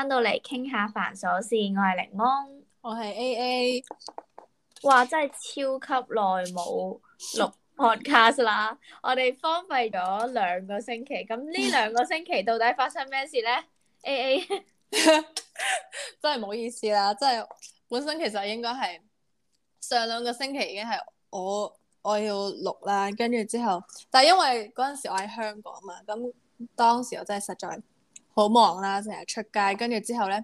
翻到嚟傾下繁瑣事，我係凌安，我係 A A。哇，真係超級耐冇錄 Podcast 啦！我哋荒廢咗兩個星期，咁呢兩個星期到底發生咩事咧？A A，真係唔好意思啦，真係本身其實應該係上兩個星期已經係我我要錄啦，跟住之後，但係因為嗰陣時我喺香港嘛，咁當時我真係實在，好忙啦，啊，成日出街，跟住之後咧，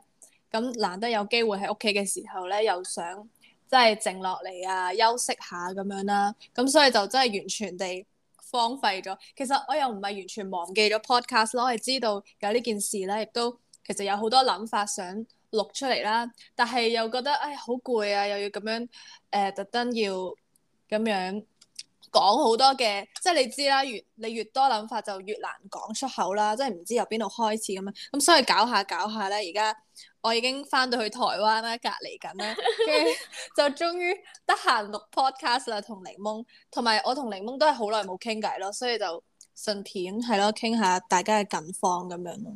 咁難得有機會喺屋企嘅時候咧，又想即係靜落嚟啊，休息下咁樣啦，啊，咁所以就真係完全地荒廢咗。其實我又唔係完全忘記咗 podcast 咯，我係知道有呢件事咧，亦都其實有好多諗法想錄出嚟啦，但係又覺得唉好攰啊，又要咁樣誒特登要咁樣。呃講好多嘅，即係你知啦，越你越多諗法就越難講出口啦，即係唔知由邊度開始咁樣。咁、嗯、所以搞下搞下咧，而家我已經翻到去台灣啦，隔離緊啦，跟住 就終於得閒錄 podcast 啦，同檸檬，同埋我同檸檬都係好耐冇傾偈咯，所以就順便係咯傾下大家嘅近況咁樣咯。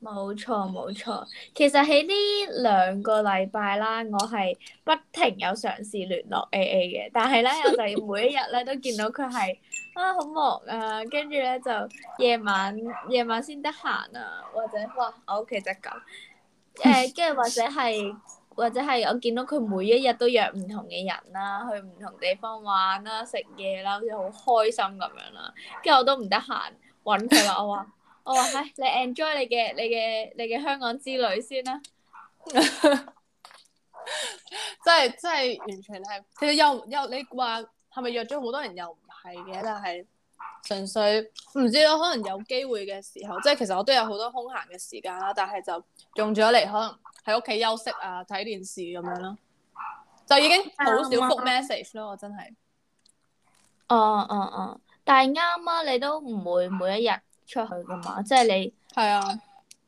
冇錯冇錯，其實喺呢兩個禮拜啦，我係不停有嘗試聯絡 A A 嘅，但係咧我就要每一日咧都見到佢係啊好忙啊，跟住咧就夜晚夜晚先得閒啊，或者哇我屋企隻狗，誒，跟住或者係或者係我見到佢每一日都約唔同嘅人啦，去唔同地方玩啦、食嘢啦，好似好開心咁樣啦，跟住我都唔得閒揾佢啦，我話。 我話，唉、oh，你 enjoy 你嘅你嘅你嘅香港之旅先啦，即係 真係真係完全係其實又又你話係咪約咗好多人？又唔係嘅，但係純粹唔知可能有機會嘅時候，即係其實我都有好多空閒嘅時間啦，但係就用咗嚟可能喺屋企休息啊、睇電視咁樣咯，就已經好少複 message 咯，我真係。哦哦哦，但係啱啊，你都唔會每一日。出去㗎嘛，即係你係啊，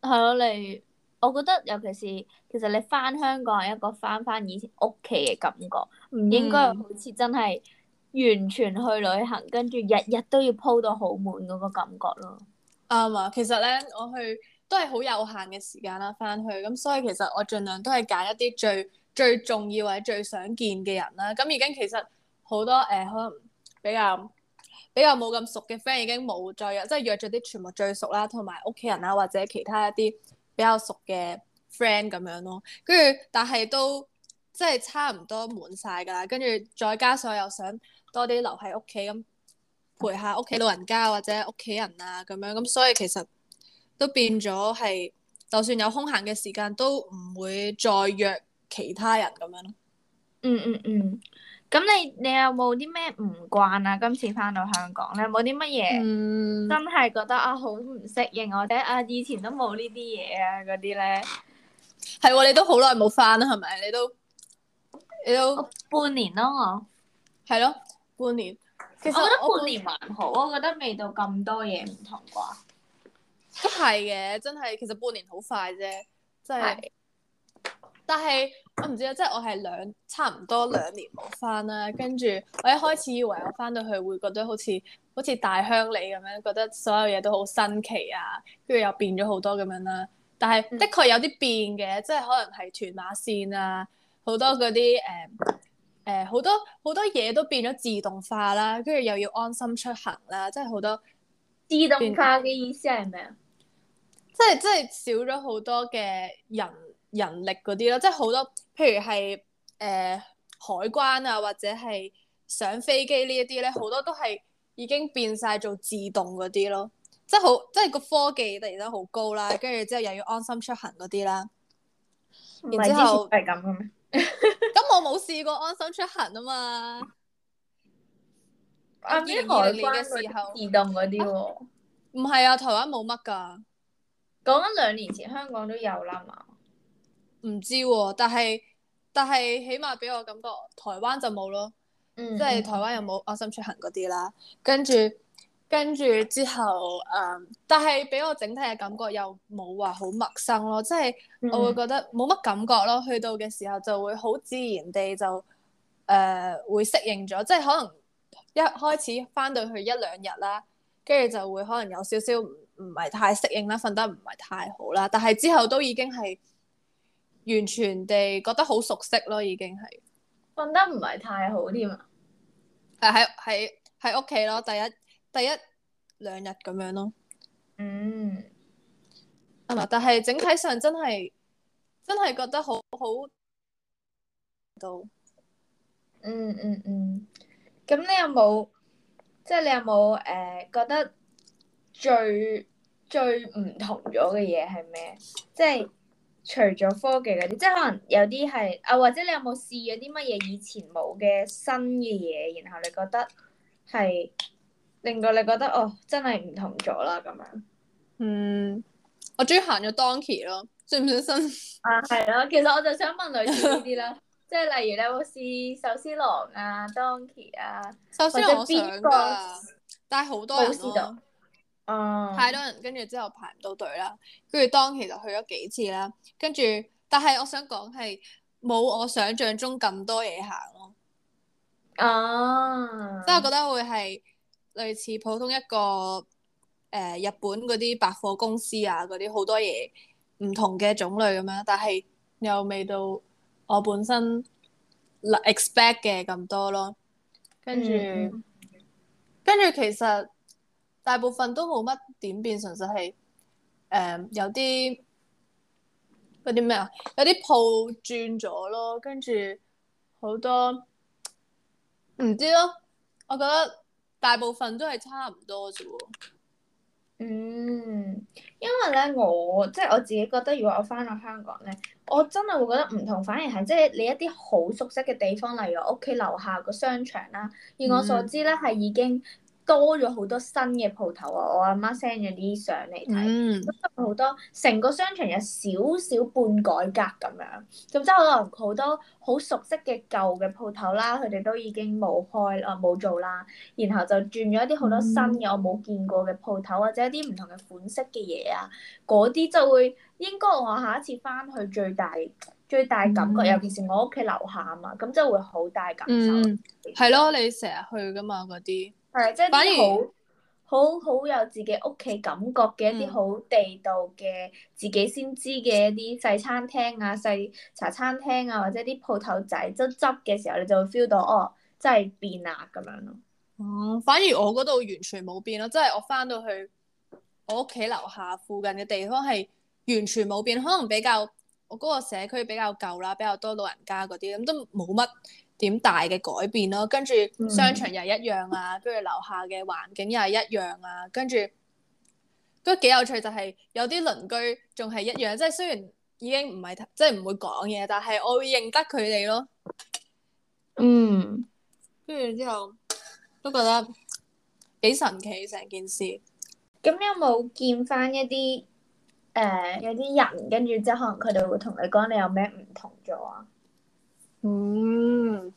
係咯、啊，你，我覺得尤其是其實你翻香港係一個翻翻以前屋企嘅感覺，唔應該好似真係完全去旅行，跟住日日都要鋪到好滿嗰個感覺咯。啱啊、嗯，其實呢我去都係好有限嘅時間啦、啊，翻去，咁所以其實我盡量都係揀一啲最最重要或者最想見嘅人啦、啊。咁而家其實好多誒、呃，可能比較比較冇咁熟嘅 friend 已經冇再約，即係約咗啲全部最熟啦，同埋屋企人啊，或者其他一啲比較熟嘅 friend 咁樣咯。跟住，但係都即係差唔多滿晒㗎啦。跟住再加上又想多啲留喺屋企咁陪下屋企老人家或者屋企人啊咁樣。咁所以其實都變咗係，就算有空閒嘅時間都唔會再約其他人咁樣咯。嗯，嗯嗯嗯。咁你你有冇啲咩唔慣啊？今次翻到香港咧，冇啲乜嘢真係覺得、嗯、啊，好唔適應，或者啊，以前都冇呢啲嘢啊，嗰啲咧。係，你都好耐冇翻啦，係咪？你都你都、哦、半年咯，我。係咯，半年。其實我覺得半年還好，我覺，我覺得未到咁多嘢唔同啩、嗯。都係嘅，真係，其實半年好快啫，真係。的但係。我唔知啊，即係我係兩差唔多兩年冇返啦，跟住我一開始以為我返到去會覺得好似好似大鄉里咁樣，覺得所有嘢都好新奇啊，跟住又變咗好多咁樣啦。但係的確有啲變嘅，嗯、即係可能係屯馬線啊，好多嗰啲誒誒好多好多嘢都變咗自動化啦，跟住又要安心出行啦，即係好多自動化嘅意思係咩啊？即係即係少咗好多嘅人。人力嗰啲咯，即係好多，譬如係誒、呃、海關啊，或者係上飛機呢一啲咧，好多都係已經變晒做自動嗰啲咯。即係好，即係個科技突然間好高啦，跟住之後又要安心出行嗰啲啦。然之後係啲係咁嘅咩？咁我冇試過安心出行啊嘛。啱啱、啊、海關嘅時候自動嗰啲喎。唔係啊，啊，台灣冇乜㗎。講緊兩年前香港都有啦嘛。唔知喎、哦，但係但係起碼俾我感覺，台灣就冇咯，嗯、哼即係台灣有冇安心出行嗰啲啦。跟住跟住之後，誒、嗯，但係俾我整體嘅感覺又冇話好陌生咯，即係我會覺得冇乜感覺咯。去到嘅時候就會好自然地就誒、呃、會適應咗，即係可能一開始返到去一兩日啦，跟住就會可能有少少唔唔係太適應啦，瞓得唔係太好啦，但係之後都已經係。完全地覺得好熟悉咯，已經係瞓得唔係太好添 啊！誒喺喺喺屋企咯，第一第一兩日咁樣咯，嗯係嘛，但係整體上真係真係覺得好好到、嗯。嗯嗯嗯，咁你有冇即係你有冇誒、呃、覺得最最唔同咗嘅嘢係咩？即係。除咗科技嗰啲，即係可能有啲係啊，或者你有冇試過啲乜嘢以前冇嘅新嘅嘢，然後你覺得係令到你覺得哦，真係唔同咗啦咁樣。嗯，我終於行咗 Donkey 咯，算唔算新？啊，係咯，其實我就想問女仔呢啲啦， 即係例如你有冇試壽司郎啊、Donkey 啊，首先 或者邊個？但係好多人都。太多人，跟住之後排唔到隊啦。跟住當期就去咗幾次啦。跟住，但係我想講係冇我想像中咁多嘢行咯。啊，即係我覺得會係類似普通一個誒、呃、日本嗰啲百貨公司啊，嗰啲好多嘢唔同嘅種類咁樣，但係又未到我本身 expect 嘅咁多咯。跟住，跟住、mm. 其實。大部分都冇乜點變，純粹係誒有啲有啲咩啊，有啲鋪轉咗咯，跟住好多唔知咯。我覺得大部分都係差唔多啫喎。嗯，因為咧，我即係我自己覺得，如果我返到香港咧，我真係會覺得唔同反，反而係即係你一啲好熟悉嘅地方，例如我屋企樓下個商場啦，以我所知咧係、嗯、已經。多咗好多新嘅鋪頭啊！我阿媽 send 咗啲相嚟睇，好、嗯、多成個商場有少少半改革咁樣，咁即係可能好多好熟悉嘅舊嘅鋪頭啦，佢哋都已經冇開啦，冇做啦，然後就轉咗一啲好多新嘅、嗯、我冇見過嘅鋪頭，或者一啲唔同嘅款式嘅嘢啊，嗰啲就會應該我下一次翻去最大最大感覺，嗯、尤其是我屋企樓下啊嘛，咁即係會好大感受。係咯、嗯，你成日去㗎嘛嗰啲。係，即係啲反而好好好有自己屋企感覺嘅一啲好地道嘅，嗯、自己先知嘅一啲細餐廳啊、細茶餐廳啊，或者啲鋪頭仔執執嘅時候，你就會 feel 到哦，真係變啊咁樣咯。哦、嗯，反而我嗰度完全冇變咯，即係我翻到去我屋企樓下附近嘅地方係完全冇變，可能比較我嗰個社區比較舊啦，比較多老人家嗰啲咁都冇乜點大嘅改變咯，跟住商場又一樣啊，跟住樓下嘅環境又係一樣啊，跟住都幾有趣，就係有啲鄰居仲係一樣，即係雖然已經唔係即係唔會講嘢，但係我會認得佢哋咯。嗯，跟住之後都覺得幾神奇成件事。咁你有冇見翻一啲誒、呃、有啲人，跟住之後可能佢哋會同你講你有咩唔同咗啊？嗯，呢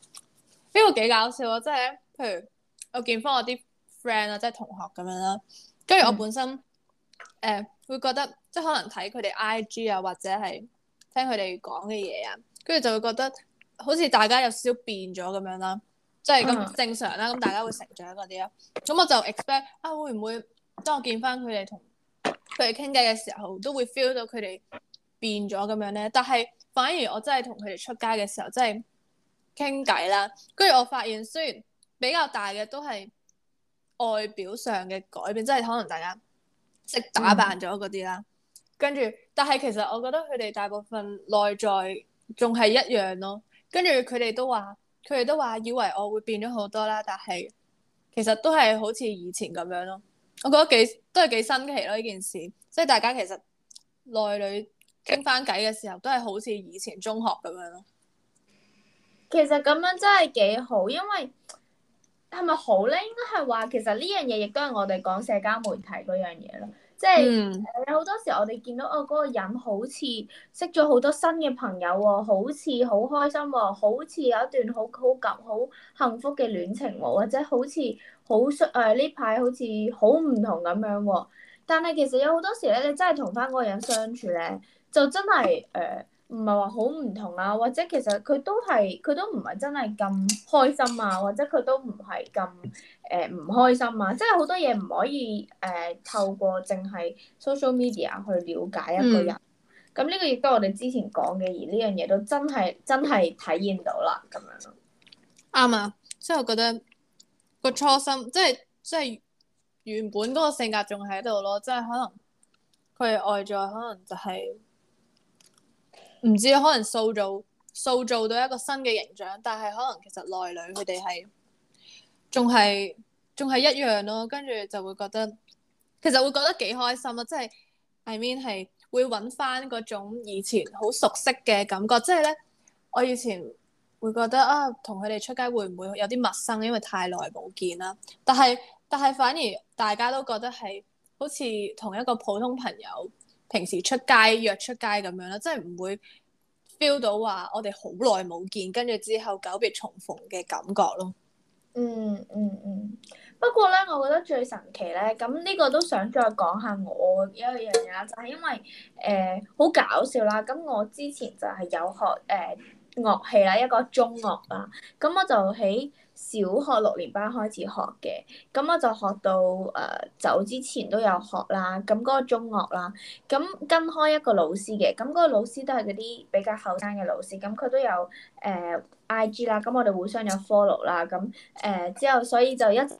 個幾搞笑啊。即係譬如我見翻我啲 friend 啊，即係同學咁樣啦，跟住我本身誒、嗯呃、會覺得，即係可能睇佢哋 I G 啊，或者係聽佢哋講嘅嘢啊，跟住就會覺得好似大家有少少變咗咁樣啦，即係咁正常啦，啊，咁、嗯、大家會成長嗰啲啊。咁我就 expect 啊，會唔會當我見翻佢哋同佢哋傾偈嘅時候，都會 feel 到佢哋變咗咁樣咧？但係。反而我真係同佢哋出街嘅時候，真係傾偈啦。跟住我發現，雖然比較大嘅都係外表上嘅改變，即係可能大家識打扮咗嗰啲啦。嗯、跟住，但係其實我覺得佢哋大部分內在仲係一樣咯。跟住佢哋都話，佢哋都話以為我會變咗好多啦，但係其實都係好似以前咁樣咯。我覺得幾都係幾新奇咯呢件事，即係大家其實內裏。傾翻偈嘅時候，都係好似以前中學咁樣咯。其實咁樣真係幾好，因為係咪好咧？應該係話，其實呢樣嘢亦都係我哋講社交媒體嗰樣嘢咯。即係有好多時，我哋見到哦，嗰個人好似識咗好多新嘅朋友喎，好似好開心喎，好似有一段好好夾好幸福嘅戀情喎，或者好似好誒呢排好似好唔同咁樣。但係其實有好多時咧，你真係同翻嗰個人相處咧。就真係誒，唔係話好唔同啊，或者其實佢都係，佢都唔係真係咁開心啊，或者佢都唔係咁誒唔開心啊。即係好多嘢唔可以誒、呃，透過淨係 social media 去了解一個人。咁呢、嗯、個亦都我哋之前講嘅，而呢樣嘢都真係真係體驗到啦。咁樣咯，啱啊！即係我覺得個初心，即係即係原本嗰個性格仲喺度咯，即係可能佢係外在可能就係、是。唔知可能塑造塑造到一個新嘅形象，但係可能其實內裏佢哋係仲係仲係一樣咯，跟住就會覺得其實會覺得幾開心啊。即係 I mean 係會搵返嗰種以前好熟悉嘅感覺，即係咧我以前會覺得啊，同佢哋出街會唔會有啲陌生，因為太耐冇見啦，但係但係反而大家都覺得係好似同一個普通朋友。平時出街約出街咁樣啦，真係唔會 feel 到話我哋好耐冇見，跟住之後久別重逢嘅感覺咯。嗯嗯嗯，不過咧，我覺得最神奇咧，咁呢個都想再講下我一樣嘢啦，就係、是、因為誒好、呃、搞笑啦。咁我之前就係有學誒、呃、樂器啦，一個中樂啦，咁我就喺。小學六年班開始學嘅，咁我就學到誒、呃、走之前都有學啦。咁嗰個中學啦，咁跟開一個老師嘅，咁嗰個老師都係嗰啲比較後生嘅老師。咁佢都有誒、呃、IG 啦，咁我哋互相有 follow 啦。咁誒、呃、之後所以就一，咁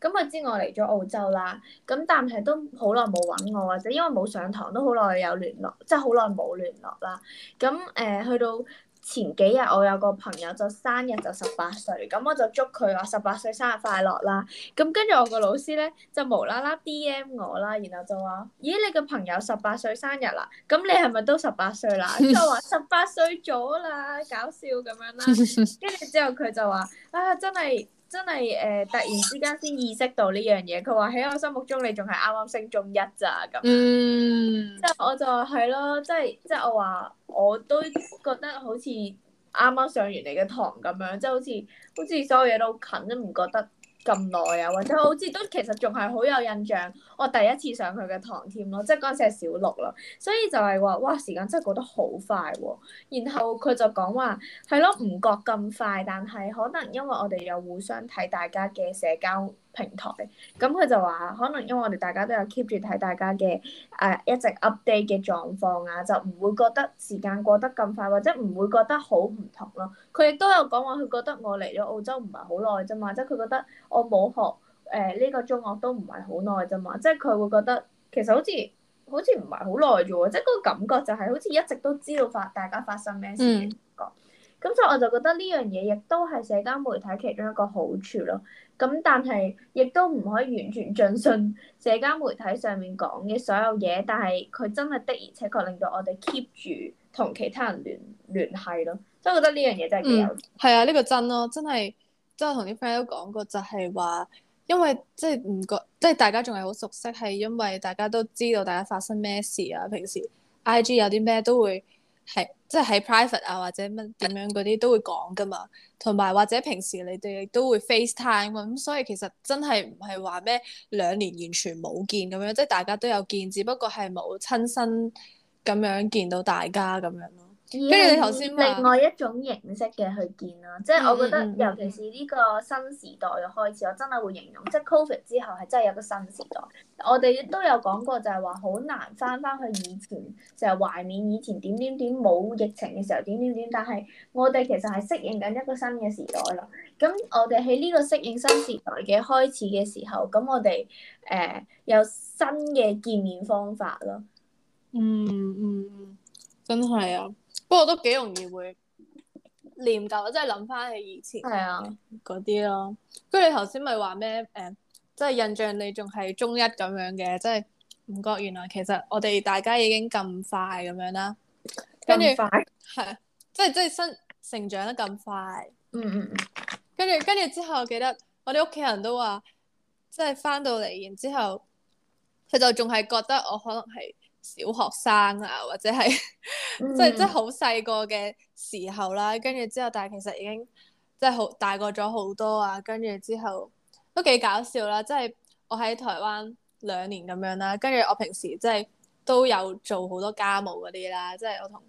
佢知我嚟咗澳洲啦。咁但係都好耐冇揾我或者因為冇上堂都好耐有聯絡，即係好耐冇聯絡啦。咁誒、呃、去到。前幾日我有個朋友就生日就十八歲，咁我就祝佢話十八歲生日快樂啦。咁跟住我個老師咧就無啦啦 D M 我啦，然後就話：咦你個朋友十八歲生日啦，咁你係咪都十八歲啦？之後話十八歲咗啦，搞笑咁樣啦。跟住之後佢就話：啊、哎、真係。真係誒、呃，突然之間先意識到呢樣嘢。佢話喺我心目中你仲係啱啱升中一咋咁。嗯。即係我就話係咯，即係即係我話我都覺得好似啱啱上完你嘅堂咁樣，即係好似好似所有嘢都好近，都唔覺得咁耐啊，或者好似都其實仲係好有印象。我第一次上佢嘅堂添咯，即係嗰陣時係小六咯，所以就係話，哇，時間真係過得好快喎、哦。然後佢就講話，係咯，唔覺咁快，但係可能因為我哋有互相睇大家嘅社交平台，咁佢就話，可能因為我哋大家都有 keep 住睇大家嘅誒、呃、一直 update 嘅狀況啊，就唔會覺得時間過得咁快，或者唔會覺得好唔同咯。佢亦都有講話，佢覺得我嚟咗澳洲唔係好耐啫嘛，即係佢覺得我冇學。誒呢、呃這個中學都唔係好耐啫嘛，即係佢會覺得其實好似好似唔係好耐啫喎，即係嗰個感覺就係好似一直都知道發大家發生咩事個咁，嗯、所以我就覺得呢樣嘢亦都係社交媒體其中一個好處咯。咁但係亦都唔可以完全盡信社交媒體上面講嘅所有嘢，但係佢真係的而且確確令到我哋 keep 住同其他人聯聯繫咯。即係覺得呢樣嘢真係幾有，係、嗯、啊，呢、這個真咯，真係即係同啲 friend 都講過，就係、是、話。因為即係唔覺，即係大家仲係好熟悉，係因為大家都知道大家發生咩事啊，平時 IG 有啲咩都會係即係喺 private 啊或者乜點樣啲都會講噶嘛，同埋或者平時你哋都會 FaceTime 咁，所以其實真係唔係話咩兩年完全冇見咁樣，即係大家都有見，只不過係冇親身咁樣見到大家咁樣。跟住，你頭先另外一種形式嘅去見啦。嗯、即係我覺得，尤其是呢個新時代嘅開始，我真係會形容，即係 covid 之後係真係有個新時代。我哋都有講過，就係話好難翻翻去以前，成日懷念以前點點點冇疫情嘅時候點點點。但係我哋其實係適應緊一個新嘅時代咯。咁我哋喺呢個適應新時代嘅開始嘅時候，咁我哋誒、呃、有新嘅見面方法咯。嗯嗯嗯，真係啊！不過都幾容易會念舊，即係諗翻起以前嗰啲、啊、咯。跟住你頭先咪話咩？誒，即係印象你仲係中一咁樣嘅，即係唔覺原來其實我哋大家已經咁快咁樣啦。咁快係，即係即係新成長得咁快。嗯嗯嗯。跟住跟住之後，記得我哋屋企人都話，即係翻到嚟，然之後佢就仲係覺得我可能係。小學生啊，或者係即係即係好細個嘅時候啦，跟住之後，但係其實已經即係好大個咗好多啊，跟住之後都幾搞笑啦！即係我喺台灣兩年咁樣啦，跟住我平時即係都有做好多家務嗰啲啦，即係我同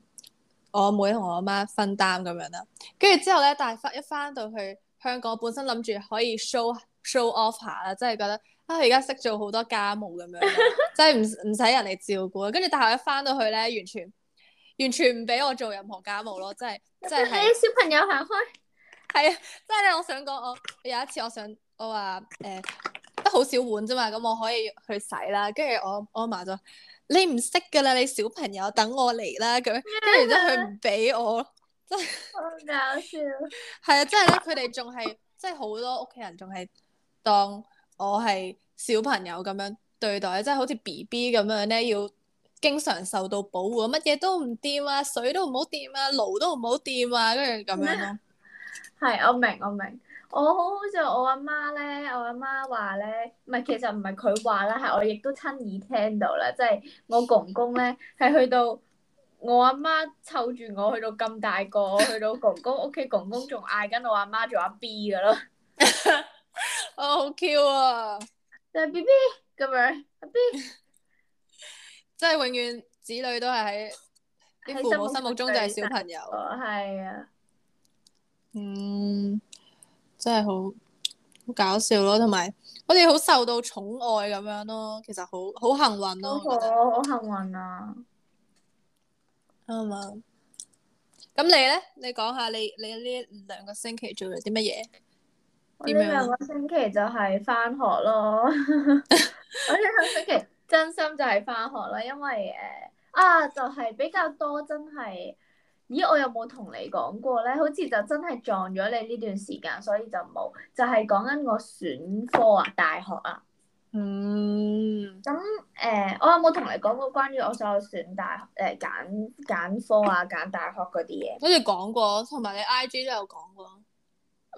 我阿妹同我阿媽分擔咁樣啦。跟住之後咧，但係翻一翻到去香港，本身諗住可以 show show off 下啦，即係覺得。佢而家識做好多家務咁 樣，即係唔唔使人嚟照顧。跟住但係我一翻到去咧，完全完全唔俾我做任何家務咯，即係即係小朋友行開，係啊 是！即係咧，我想講我有一次我想，我想我話誒都好少碗啫嘛，咁我可以去洗啦。跟住我我阿嫲就話你唔識㗎啦，你小朋友等我嚟啦咁樣。跟住之後佢唔俾我，真係好搞笑。， 係啊，即係咧，佢哋仲係即係好多屋企人仲係當我係。小朋友咁樣對待啊，即係好似 B B 咁樣咧，要經常受到保護，乜嘢都唔掂啊，水都唔好掂啊，爐都唔好掂啊，跟住咁樣咯。係我明我明，我好好笑。我阿媽咧，我阿媽話咧，唔係其實唔係佢話啦，係我亦都親耳聽到啦。即係我公公咧，係 去到我阿媽湊住我去到咁大個，去到公公屋企，公公仲嗌緊我阿媽做阿 B 噶咯，我好 cute 啊！就 B B 咁樣，阿 B，即係永遠子女都係喺啲父母心目中就係小朋友。係啊，嗯，真係好好搞笑咯，同埋我哋好受到寵愛咁樣咯，其實好好幸運咯，我覺得我好幸運啊，係嘛？咁你咧？你講下你你呢兩個星期做咗啲乜嘢？呢兩個星期就係翻學咯，我呢兩個星期真心就係翻學咯，因為誒啊，就係、是、比較多真係，咦，我有冇同你講過咧？好似就真係撞咗你呢段時間，所以就冇，就係講緊我選科啊，大學啊，嗯，咁誒、呃，我有冇同你講過關於我所有選大學誒揀揀科啊、揀大學嗰啲嘢？好似講過，同埋你 I G 都有講過。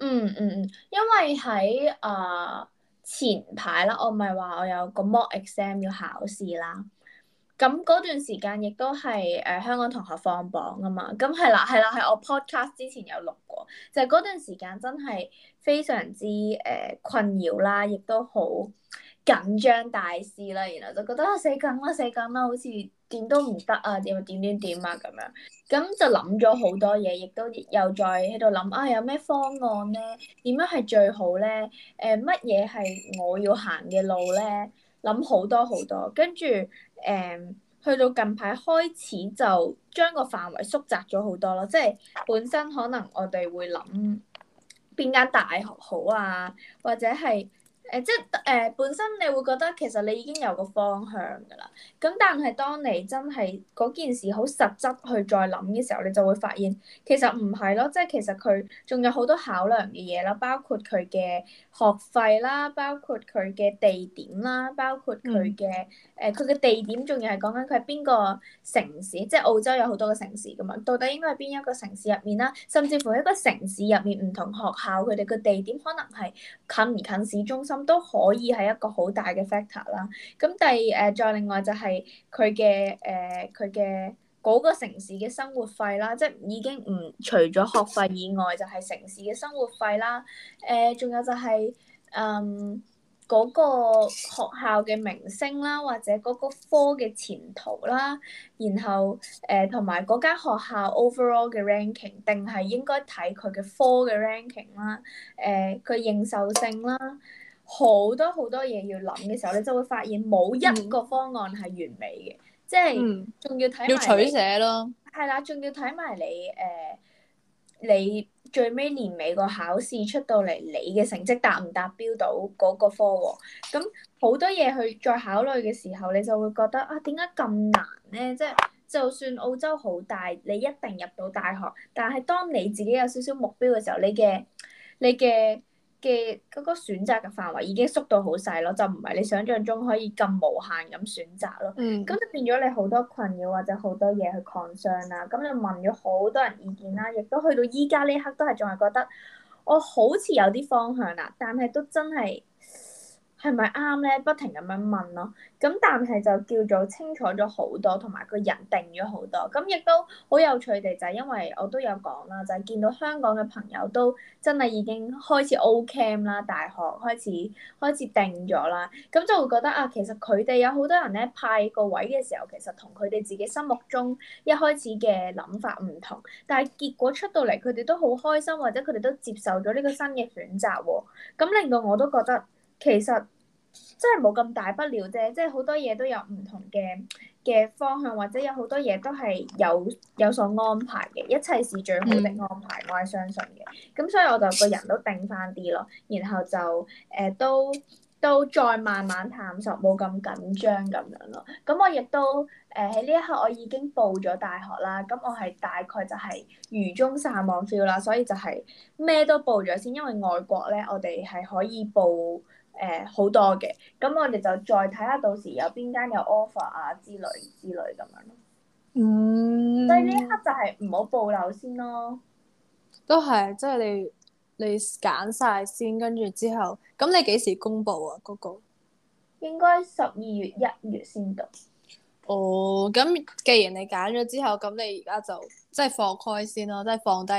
嗯嗯嗯，因為喺誒、呃、前排啦，我咪話我有個 mock exam 要考試啦，咁嗰段時間亦都係誒香港同學放榜啊嘛，咁係啦係啦係我 podcast 之前有錄過，就嗰、是、段時間真係非常之誒、呃、困擾啦，亦都好緊張大師啦，然後就覺得、啊、死梗啦死梗啦，好似～點都唔得啊！點點點點啊咁樣，咁就諗咗好多嘢，亦都又再喺度諗啊，有咩方案呢？點樣係最好呢？誒、呃，乜嘢係我要行嘅路呢？」諗好多好多，跟住誒，去到近排開始就將個範圍縮窄咗好多咯，即係本身可能我哋會諗邊間大學好啊，或者係。誒即係誒、呃、本身你會覺得其實你已經有個方向㗎啦，咁但係當你真係嗰件事好實質去再諗嘅時候，你就會發現其實唔係咯，即係其實佢仲有好多考量嘅嘢啦，包括佢嘅學費啦，包括佢嘅地點啦，包括佢嘅誒佢嘅地點仲要係講緊佢係邊個城市，即係澳洲有好多個城市㗎嘛，到底應該係邊一個城市入面啦，甚至乎一個城市入面唔同學校佢哋嘅地點可能係。近唔近市中心都可以係一個好大嘅 factor 啦。咁第二誒、呃、再另外就係佢嘅誒佢嘅嗰個城市嘅生活費啦，即係已經唔除咗學費以外，就係城市嘅生活費啦。誒、呃，仲有就係、是、嗯。嗰個學校嘅名聲啦，或者嗰個科嘅前途啦，然後誒同埋嗰間學校 overall 嘅 ranking，定係應該睇佢嘅科嘅 ranking 啦、呃，誒佢認受性啦，好多好多嘢要諗嘅時候咧，你就會發現冇一個方案係完美嘅，即係仲、嗯、要睇要取捨咯，係啦，仲要睇埋你誒你。最尾年尾個考試出到嚟，你嘅成績達唔達標到嗰個科喎？咁好多嘢去再考慮嘅時候，你就會覺得啊，點解咁難呢？即係就算澳洲好大，你一定入到大學，但係當你自己有少少目標嘅時候，你嘅你嘅。嘅嗰個選擇嘅範圍已經縮到好細咯，就唔係你想象中可以咁無限咁選擇咯。咁、嗯、就變咗你好多困擾或者好多嘢去抗爭啦。咁你問咗好多人意見啦，亦都去到依家呢刻都係仲係覺得我好似有啲方向啦，但係都真係。係咪啱咧？不停咁樣問咯，咁但係就叫做清楚咗好多，同埋個人定咗好多。咁亦都好有趣地，就係因為我都有講啦，就係、是、見到香港嘅朋友都真係已經開始 O camp 啦，大學開始開始定咗啦。咁就會覺得啊，其實佢哋有好多人咧，派個位嘅時候，其實同佢哋自己心目中一開始嘅諗法唔同，但係結果出到嚟，佢哋都好開心，或者佢哋都接受咗呢個新嘅選擇喎。咁令到我都覺得其實。真係冇咁大不了啫，即係好多嘢都有唔同嘅嘅方向，或者有好多嘢都係有有所安排嘅，一切是最好的安排，我係相信嘅。咁、嗯、所以我就個人都定返啲咯，然後就誒、呃、都都再慢慢探索，冇咁緊張咁樣咯。咁我亦都誒喺呢一刻，我已經報咗大學啦。咁我係大概就係如中撒網 feel 啦，所以就係咩都報咗先，因為外國咧，我哋係可以報。誒，好多嘅，咁我哋就再睇下，到時有邊間有 offer 啊？之類之類咁樣咯。嗯。所以呢一刻就係唔好暴露先咯。都係，即、就、係、是、你你揀晒先，跟住之後，咁你幾時公布啊？嗰、那個？應該十二月一月先到。哦，咁既然你揀咗之後，咁你而家就即係放開先咯，即係放低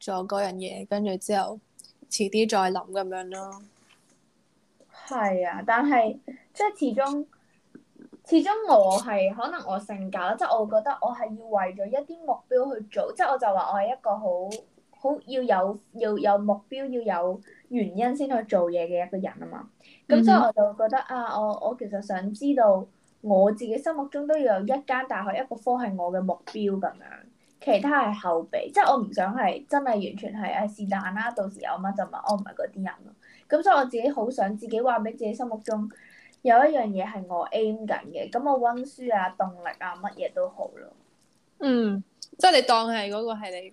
咗嗰樣嘢，跟住之後遲啲再諗咁樣咯。係啊，但係即係始終，始終我係可能我性格咯，即係我覺得我係要為咗一啲目標去做，即係我就話我係一個好，好要有要有目標，要有原因先去做嘢嘅一個人啊嘛。咁、mm hmm. 所以我就覺得啊，我我其實想知道我自己心目中都要有一間大學，一個科系我嘅目標咁樣，其他係後備，即係我唔想係真係完全係啊是但啦，到時有乜就乜，我唔係嗰啲人。咁所以我自己好想自己話俾自己心目中有一樣嘢係我 aim 緊嘅。咁我溫書啊，動力啊，乜嘢都好咯。嗯，即係你當係嗰個係你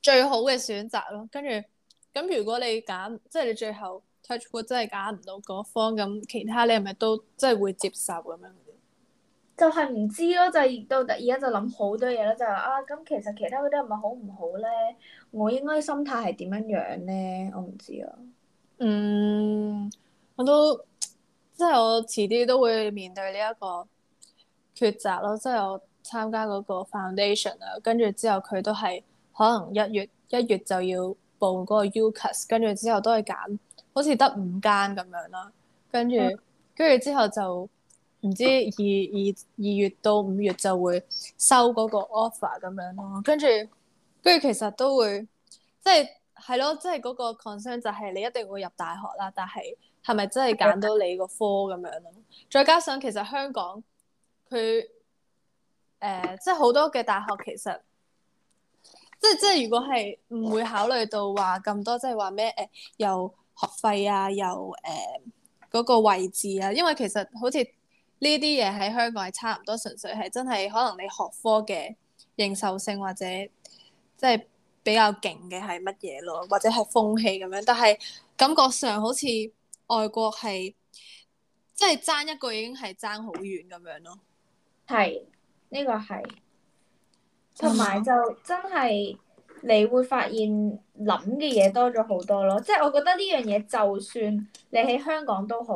最好嘅選擇咯。跟住咁，如果你揀即係你最後 touch 真係揀唔到嗰方，咁其他你係咪都即係會接受咁樣？就係唔知咯，就係到而家就諗好多嘢咯。就係啊，咁其實其他嗰啲係咪好唔好咧？我應該心態係點樣樣咧？我唔知啊。嗯，我都即係我遲啲都會面對呢一個抉擇咯，即係我參加嗰個 foundation 啊，跟住之後佢都係可能一月一月就要報嗰個 UCAS，跟住之後都係揀，好似得五間咁樣啦，跟住、嗯、跟住之後就唔知二二二月到五月就會收嗰個 offer 咁樣咯，跟住跟住其實都會即係。係咯，即係嗰個 concern 就係你一定會入大學啦，但係係咪真係揀到你個科咁樣咯？再加上其實香港佢誒，即係好多嘅大學其實即係即係，如果係唔會考慮到話咁多，即係話咩誒？又、呃、學費啊，又誒嗰個位置啊，因為其實好似呢啲嘢喺香港係差唔多，純粹係真係可能你學科嘅認受性或者即係。比較勁嘅係乜嘢咯，或者係風氣咁樣，但係感覺上好似外國係即係爭一個已經係爭好遠咁樣咯。係，呢個係。同埋就真係你會發現諗嘅嘢多咗好多咯。即係我覺得呢樣嘢，就算你喺香港都好，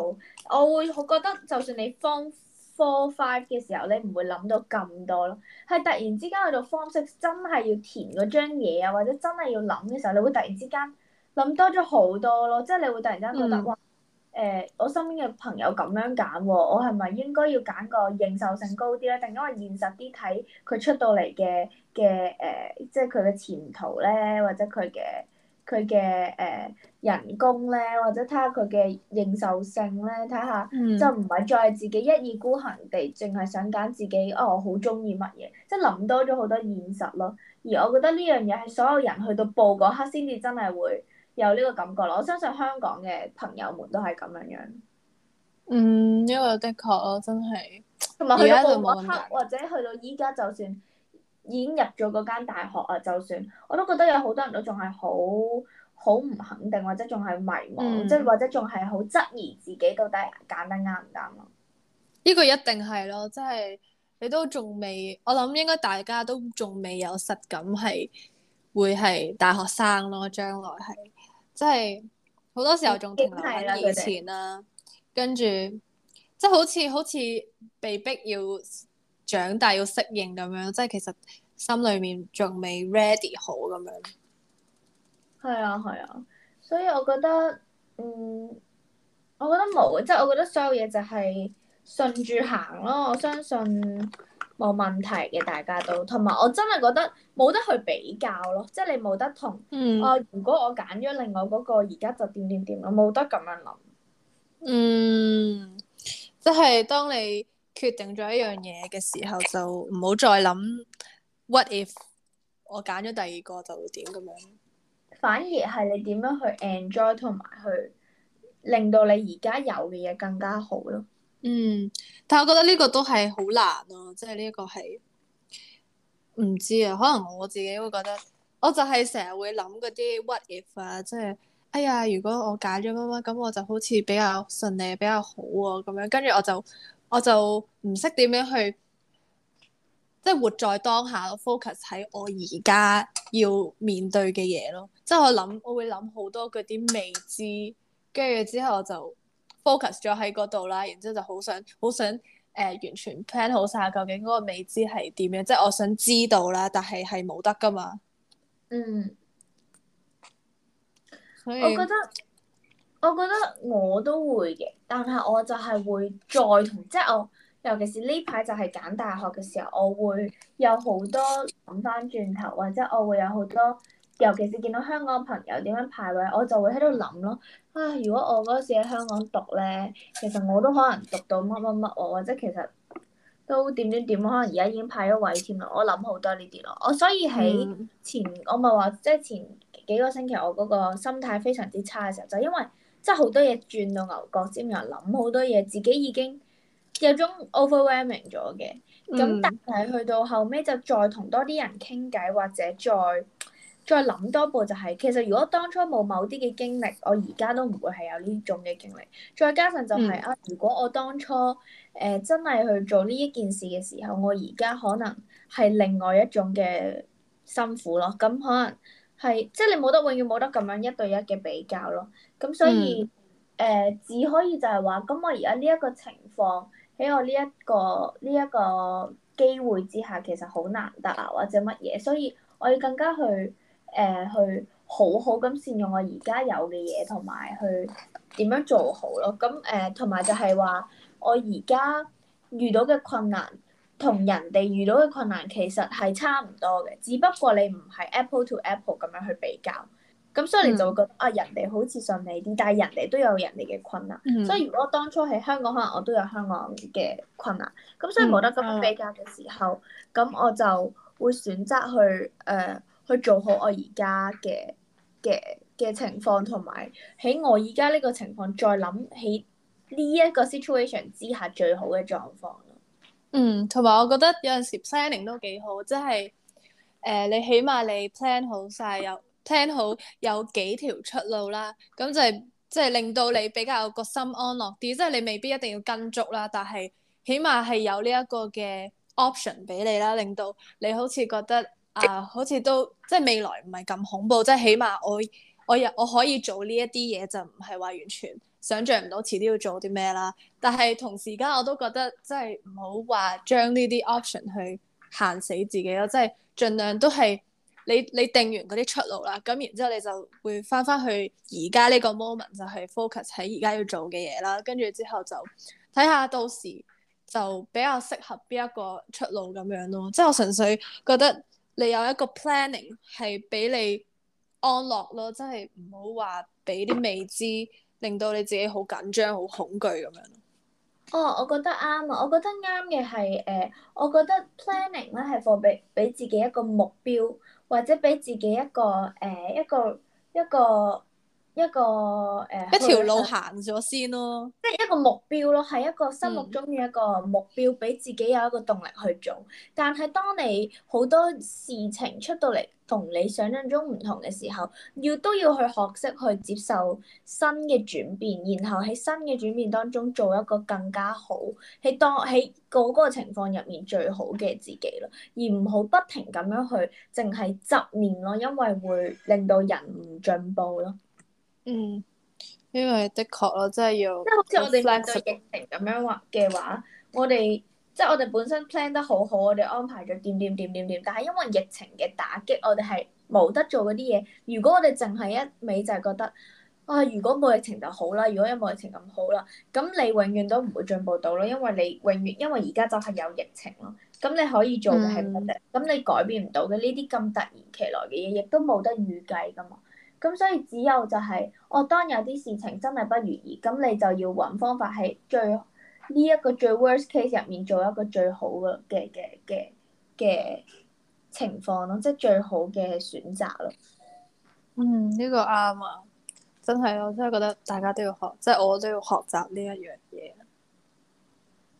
我會覺得就算你方 four five 嘅時候咧，唔會諗到咁多咯，係突然之間去到 form six 真係要填嗰張嘢啊，或者真係要諗嘅時候，你會突然之間諗多咗好多咯，即係你會突然之間覺得、嗯、哇，誒、呃、我身邊嘅朋友咁樣揀喎，我係咪應該要揀個認受性高啲咧？定因為現實啲睇佢出到嚟嘅嘅誒，即係佢嘅前途咧，或者佢嘅佢嘅誒，人工咧，或者睇下佢嘅認受性咧，睇下，嗯、就唔係再自己一意孤行地，淨係想揀自己哦，我好中意乜嘢，即係諗多咗好多現實咯。而我覺得呢樣嘢係所有人去到報嗰刻先至真係會有呢個感覺咯。我相信香港嘅朋友們都係咁樣樣。嗯，因為的確真係，同埋去到報嗰刻，或者去到依家，就算已經入咗嗰間大學啊，就算我都覺得有好多人都仲係好。好唔肯定或者仲係迷茫，即係、嗯、或者仲係好質疑自己到底揀得啱唔啱咯？呢個一定係咯，即係你都仲未，我諗應該大家都仲未有實感係會係大學生咯，將來係即係好多時候仲停留喺以前啦、啊。跟住即係好似好似被逼要長大要適應咁樣，即係其實心裡面仲未 ready 好咁樣。係啊，係啊，所以我覺得，嗯，我覺得冇，即係我覺得所有嘢就係順住行咯。我相信冇問題嘅，大家都同埋我真係覺得冇得去比較咯，即係你冇得同，嗯，我，啊，如果我揀咗另外嗰個，而家就點點點，我冇得咁樣諗。嗯，即係當你決定咗一樣嘢嘅時候，就唔好再諗 What if 我揀咗第二個就會點咁樣。反而係你點樣去 enjoy 同埋去令到你而家有嘅嘢更加好咯。嗯，但係我覺得呢個都係好難咯、啊，即係呢一個係唔知啊。可能我自己會覺得，我就係成日會諗嗰啲 what if 啊，即、就、係、是、哎呀，如果我揀咗乜乜，咁我就好似比較順利比較好喎、啊、咁樣。跟住我就我就唔識點樣去。即係活在當下咯，focus 喺我而家要面對嘅嘢咯。即係我諗，我會諗好多嗰啲未知，跟住之後我就 focus 咗喺嗰度啦。然之後就好想，好想誒、呃、完全 plan 好晒究竟嗰個未知係點樣。即係我想知道啦，但係係冇得噶嘛。嗯，所以我覺得我覺得我都會嘅，但係我就係會再同即係我。尤其是呢排就係揀大學嘅時候，我會有好多諗翻轉頭，或者我會有好多，尤其是見到香港朋友點樣排位，我就會喺度諗咯。啊，如果我嗰時喺香港讀咧，其實我都可能讀到乜乜乜喎，或者其實都點點點，可能而家已經派咗位添咯。我諗好多呢啲咯，我所以喺前、嗯、我咪話，即係前幾個星期我嗰個心態非常之差嘅時候，就因為即係好多嘢轉到牛角尖，又諗好多嘢，自己已經。有種 overwhelming 咗嘅，咁但係去到後尾，就再同多啲人傾偈，或者再再諗多步就係、是、其實如果當初冇某啲嘅經歷，我而家都唔會係有呢種嘅經歷。再加上就係、是、啊，如果我當初誒、呃、真係去做呢一件事嘅時候，我而家可能係另外一種嘅辛苦咯。咁可能係即係你冇得永遠冇得咁樣一對一嘅比較咯。咁所以誒、嗯呃、只可以就係話咁，我而家呢一個情況。喺我呢、這、一個呢一、這個機會之下，其實好難得啊，或者乜嘢，所以我要更加去誒、呃、去好好咁善用我而家有嘅嘢，同埋去點樣做好咯。咁誒，同、呃、埋就係話我而家遇到嘅困難，同人哋遇到嘅困難其實係差唔多嘅，只不過你唔係 apple to apple 咁樣去比較。咁所以你就會覺得、嗯、啊，人哋好似順利啲，但係人哋都有人哋嘅困難。嗯、所以如果當初喺香港，可能我都有香港嘅困難。咁所以冇得咁比較嘅時候，咁、嗯、我就會選擇去誒、呃、去做好我而家嘅嘅嘅情況，同埋喺我而家呢個情況再諗起呢一個 situation 之下最好嘅狀況咯。嗯，同埋我覺得有陣時 planning 都幾好，即係誒你起碼你 plan 好晒，又聽好有幾條出路啦，咁就係即係令到你比較有個心安樂啲，即係你未必一定要跟足啦，但係起碼係有呢一個嘅 option 俾你啦，令到你好似覺得啊、呃，好似都即係未來唔係咁恐怖，即係起碼我我又我可以做呢一啲嘢，就唔係話完全想像唔到遲啲要做啲咩啦。但係同時間我都覺得即係唔好話將呢啲 option 去限死自己咯，即係盡量都係。你你定完嗰啲出路啦，咁然之後你就會返返去而家呢個 moment 就係 focus 喺而家要做嘅嘢啦，跟住之後就睇下到時就比較適合邊一個出路咁樣咯。即係我純粹覺得你有一個 planning 係俾你安樂咯，即係唔好話俾啲未知令到你自己好緊張、好恐懼咁樣。哦，我覺得啱啊！我覺得啱嘅係誒，我覺得 planning 咧係放俾俾自己一個目標，或者俾自己一個誒、呃、一個一個一個誒、呃、一條路行咗先咯，即係一個目標咯，係一個心目中嘅一個目標，俾自己有一個動力去做。但係當你好多事情出到嚟。同你想象中唔同嘅時候，要都要去學識去接受新嘅轉變，然後喺新嘅轉變當中做一個更加好，喺當喺嗰個情況入面最好嘅自己咯，而唔好不停咁樣去淨係執念咯，因為會令到人唔進步咯。嗯，因為的確咯，真係要即係好似我哋面對疫情咁樣話嘅話，我哋。即係我哋本身 plan 得好好，我哋安排咗點點點點點，但係因為疫情嘅打擊，我哋係冇得做嗰啲嘢。如果我哋淨係一味就係覺得，啊如果冇疫情就好啦，如果有冇疫情咁好啦，咁你永遠都唔會進步到咯，因為你永遠因為而家就係有疫情咯。咁你可以做嘅係乜嘢？咁、嗯、你改變唔到嘅呢啲咁突然其來嘅嘢，亦都冇得預計㗎嘛。咁所以只有就係、哦，我當有啲事情真係不如意，咁你就要揾方法係最呢一個最 worst case 入面，做一個最好嘅嘅嘅嘅情況咯，即係最好嘅選擇咯。嗯，呢、這個啱啊，真係我真係覺得大家都要學，即、就、係、是、我都要學習呢一樣嘢。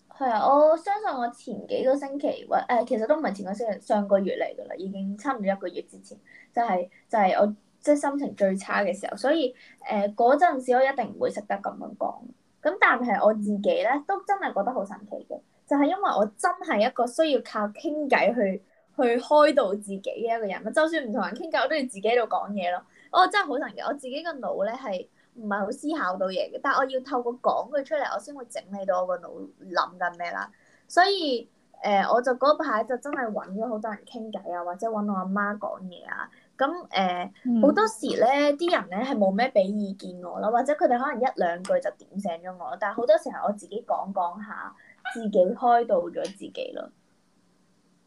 係啊，我相信我前幾個星期或誒、呃，其實都唔係前個星期，上個月嚟噶啦，已經差唔多一個月之前，就係、是、就係、是、我即係、就是、心情最差嘅時候，所以誒嗰陣時我一定唔會識得咁樣講。咁但係我自己咧，都真係覺得好神奇嘅，就係、係、因為我真係一個需要靠傾偈去去開導自己嘅一個人啊。就算唔同人傾偈，我都要自己喺度講嘢咯。我、哦、真係好神奇，我自己個腦咧係唔係好思考到嘢嘅，但係我要透過講佢出嚟，我先會整理到我個腦諗緊咩啦。所以誒、呃，我就嗰排就真係揾咗好多人傾偈啊，或者揾我阿媽講嘢啊。咁誒，好、呃嗯、多時咧，啲人咧係冇咩俾意見我咯，或者佢哋可能一兩句就點醒咗我，但係好多時候我自己講講下，自己開導咗自己咯。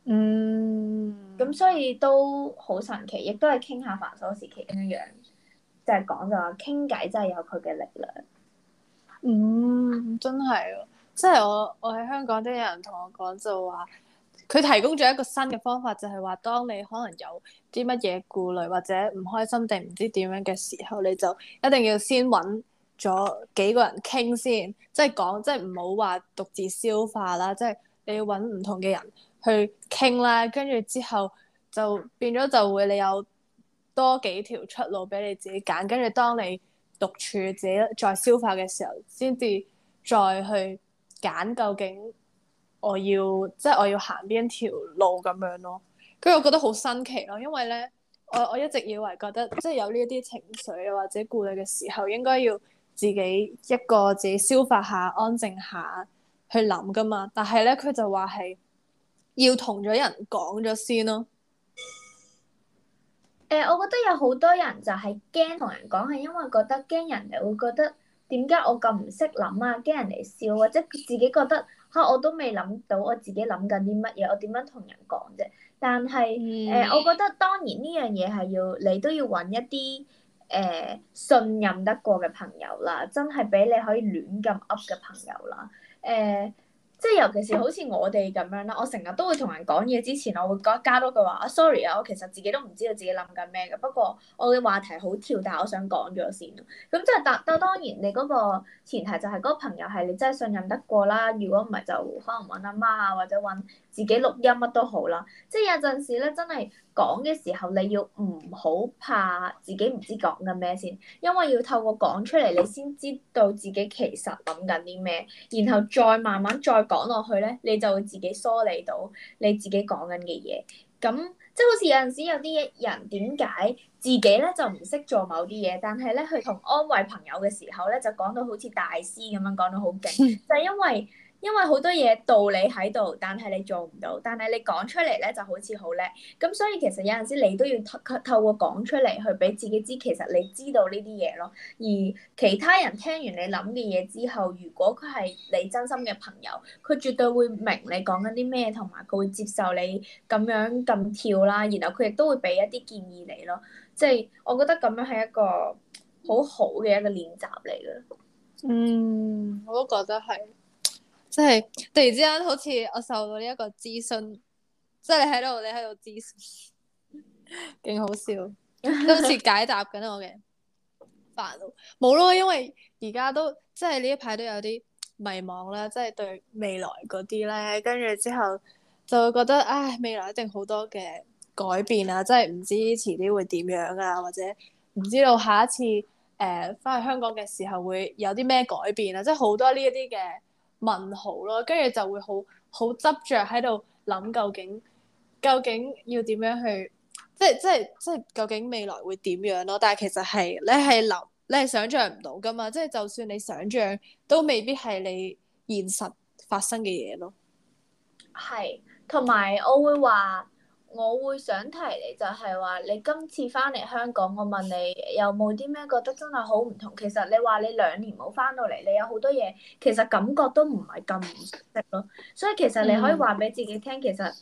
嗯，咁所以都好神奇，亦都係傾下繁瑣事，其實一樣，就係講就話傾偈真係有佢嘅力量。嗯，真係，即係我我喺香港都有人同我講就話。佢提供咗一個新嘅方法，就係話，當你可能有啲乜嘢顧慮或者唔開心定唔知點樣嘅時候，你就一定要先揾咗幾個人傾先，即係講，即係唔好話獨自消化啦，即係你要揾唔同嘅人去傾啦，跟住之後就變咗就會你有多幾條出路俾你自己揀，跟住當你獨處自己再消化嘅時候，先至再去揀究竟。我要即係我要行邊條路咁樣咯，跟住我覺得好新奇咯，因為咧，我我一直以為覺得即係有呢一啲情緒又或者顧慮嘅時候，應該要自己一個自己消化下，安靜下去諗噶嘛。但係咧，佢就話係要同咗人講咗先咯。誒、呃，我覺得有好多人就係驚同人講，係因為覺得驚人哋會覺得點解我咁唔識諗啊，驚人嚟笑，或者自己覺得。嚇！我都未諗到我自己諗緊啲乜嘢，我點樣同人講啫？但係誒、嗯呃，我覺得當然呢樣嘢係要你都要搵一啲誒、呃、信任得過嘅朋友啦，真係俾你可以亂咁 up 嘅朋友啦，誒、呃。即係尤其是好似我哋咁樣啦，我成日都會同人講嘢之前，我會加加多句話啊，sorry 啊，我其實自己都唔知道自己諗緊咩嘅，不過我嘅話題好跳，但係我想講咗先。咁即係當當當然，你嗰個前提就係嗰個朋友係你真係信任得過啦。如果唔係就可能揾阿媽啊，或者揾，自己錄音乜都好啦，即係有陣時咧，真係講嘅時候,的的時候你要唔好怕自己唔知講緊咩先，因為要透過講出嚟，你先知道自己其實諗緊啲咩，然後再慢慢再講落去咧，你就會自己梳理到你自己講緊嘅嘢。咁即係好似有陣時有啲人點解自己咧就唔識做某啲嘢，但係咧佢同安慰朋友嘅時候咧就講到好似大師咁樣講到好勁，就係因為。因為好多嘢道理喺度，但係你做唔到，但係你講出嚟咧就好似好叻咁，所以其實有陣時你都要透透過講出嚟去俾自己知，其實你知道呢啲嘢咯。而其他人聽完你諗嘅嘢之後，如果佢係你真心嘅朋友，佢絕對會明你講緊啲咩，同埋佢會接受你咁樣咁跳啦。然後佢亦都會俾一啲建議你咯。即係我覺得咁樣係一個好好嘅一個練習嚟嘅。嗯，我都覺得係。即係突然之間，好似我受到呢一個諮詢，即係你喺度，你喺度諮詢，勁好笑，今次 解答緊我嘅煩惱。冇咯，因為而家都即係呢一排都有啲迷茫啦，即係對未來嗰啲咧，跟住之後就會覺得唉，未來一定好多嘅改變啊！即係唔知遲啲會點樣啊，或者唔知道下一次誒翻、呃、去香港嘅時候會有啲咩改變啊！即係好多呢一啲嘅。問號咯，跟住就會好好執著喺度諗究竟究竟要點樣去，即係即係即係究竟未來會點樣咯？但係其實係你係諗，你係想像唔到㗎嘛，即係就算你想像，都未必係你現實發生嘅嘢咯。係，同埋我會話。我會想提你就，就係話你今次翻嚟香港，我問你有冇啲咩覺得真係好唔同？其實你話你兩年冇翻到嚟，你有好多嘢，其實感覺都唔係咁唔識咯。所以其實你可以話俾自己聽，嗯、其實。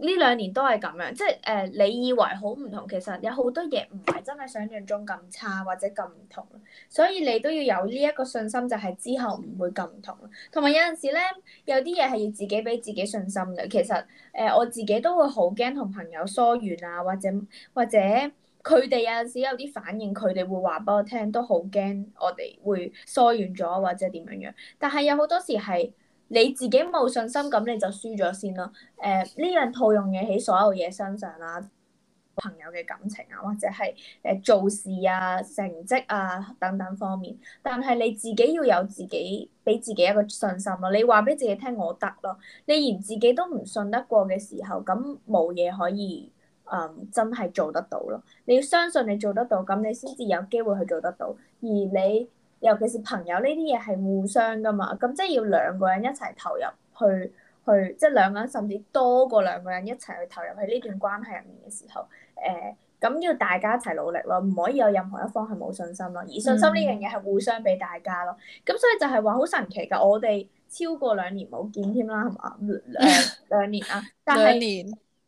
呢兩年都係咁樣，即係誒、呃，你以為好唔同，其實有好多嘢唔係真係想像中咁差或者咁唔同，所以你都要有呢一個信心，就係之後唔會咁唔同。同埋有陣時咧，有啲嘢係要自己俾自己信心嘅。其實誒、呃，我自己都會好驚同朋友疏遠啊，或者或者佢哋有陣時有啲反應，佢哋會話俾我聽，都好驚我哋會疏遠咗或者點樣樣。但係有好多時係。你自己冇信心咁，你就輸咗先咯。誒、呃，呢樣套用嘢喺所有嘢身上啦，朋友嘅感情啊，或者係誒做事啊、成績啊等等方面。但係你自己要有自己，俾自己一個信心咯。你話俾自己聽，我得咯。你連自己都唔信得過嘅時候，咁冇嘢可以誒、呃、真係做得到咯。你要相信你做得到，咁你先至有機會去做得到。而你。尤其是朋友呢啲嘢係互相㗎嘛，咁即係要兩個人一齊投入去，去即係兩個人甚至多過兩個人一齊去投入喺呢段關係入面嘅時候，誒、呃，咁要大家一齊努力咯，唔可以有任何一方係冇信心咯。而信心呢樣嘢係互相俾大家咯。咁、嗯、所以就係話好神奇㗎，我哋超過兩年冇見添啦，係嘛？兩 兩年啊，但係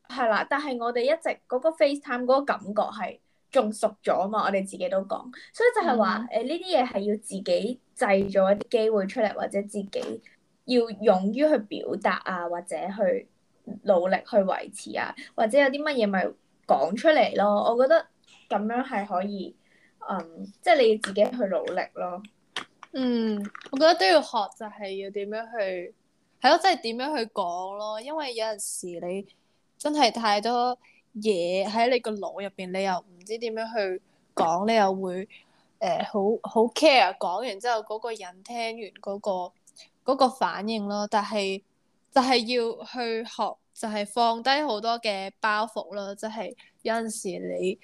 係啦，但係我哋一直嗰、那個 FaceTime 嗰個感覺係。仲熟咗啊嘛！我哋自己都講，所以就係話誒呢啲嘢係要自己製造一啲機會出嚟，或者自己要勇於去表達啊，或者去努力去維持啊，或者有啲乜嘢咪講出嚟咯。我覺得咁樣係可以，嗯，即係你要自己去努力咯。嗯，我覺得都要學，就係要點樣去，係咯，即係點樣去講咯。因為有陣時你真係太多嘢喺你個腦入邊，你又唔知點樣去講，你又會誒好好 care 講完之後，嗰個人聽完嗰個嗰個反應咯。但係就係要去學，就係放低好多嘅包袱咯。即係有陣時你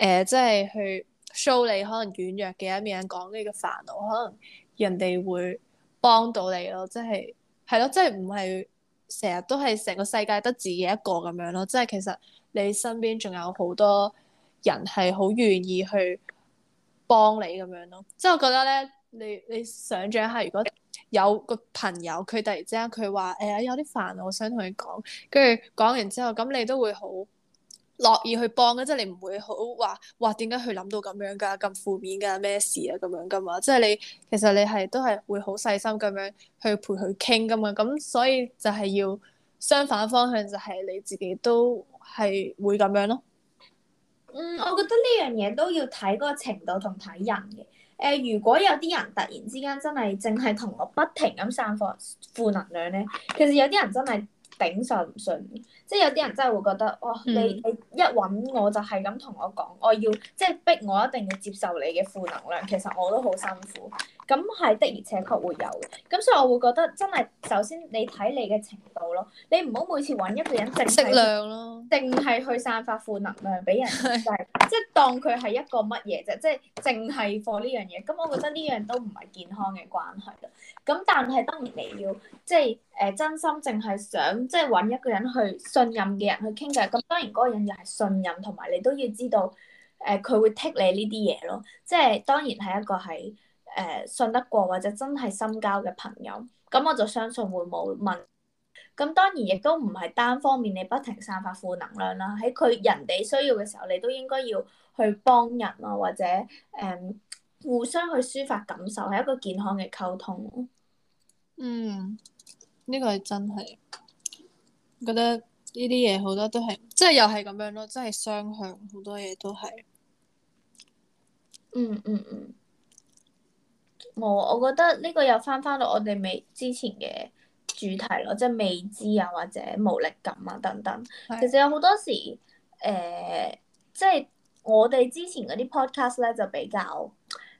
誒即係去 show 你可能軟弱嘅一面，講你嘅煩惱，可能人哋會幫到你咯。即係係咯，即係唔係。就是成日都係成個世界得自己一個咁樣咯，即係其實你身邊仲有好多人係好願意去幫你咁樣咯。即係我覺得咧，你你想像下，如果有個朋友佢突然之間佢話誒有啲煩，我想同你講，跟住講完之後，咁你都會好樂意去幫嘅，即係你唔會好話話點解佢諗到咁樣㗎、啊，咁負面㗎、啊、咩事啊咁樣㗎嘛，即係你其實你係都係會好細心咁樣去陪佢傾㗎嘛，咁所以就係要相反方向，就係你自己都係會咁樣咯。嗯，我覺得呢樣嘢都要睇嗰個程度同睇人嘅。誒、呃，如果有啲人突然之間真係淨係同我不停咁散發負能量咧，其實有啲人真係頂上唔順。即係有啲人真係會覺得，哇！你你一揾我就係咁同我講，我要即係逼我一定要接受你嘅負能量，其實我都好辛苦。咁係的，而且確會有。咁所以我會覺得真係首先你睇你嘅程度咯，你唔好每次揾一個人淨量咯，定係去散發負能量俾人，是即係當佢係一個乜嘢啫？即係淨係放呢樣嘢。咁我覺得呢樣都唔係健康嘅關係啦。咁但係當然你要即係誒、呃、真心淨係想即係揾一個人去。信任嘅人去傾偈，咁當然嗰個人就係信任，同埋你都要知道，誒、呃、佢會剔你呢啲嘢咯，即係當然係一個係誒、呃、信得過或者真係深交嘅朋友，咁我就相信會冇問。咁當然亦都唔係單方面你不停散發負能量啦，喺佢人哋需要嘅時候，你都應該要去幫人咯，或者誒、呃、互相去抒發感受，係一個健康嘅溝通。嗯，呢、呢個係真係我覺得。呢啲嘢好多都係，即係又係咁樣咯，即係雙向，好多嘢都係、嗯。嗯嗯嗯。冇，我覺得呢個又翻翻到我哋未之前嘅主題咯，即係未知啊或者無力感啊等等。是其實有好多時，誒、呃，即係我哋之前嗰啲 podcast 咧就比較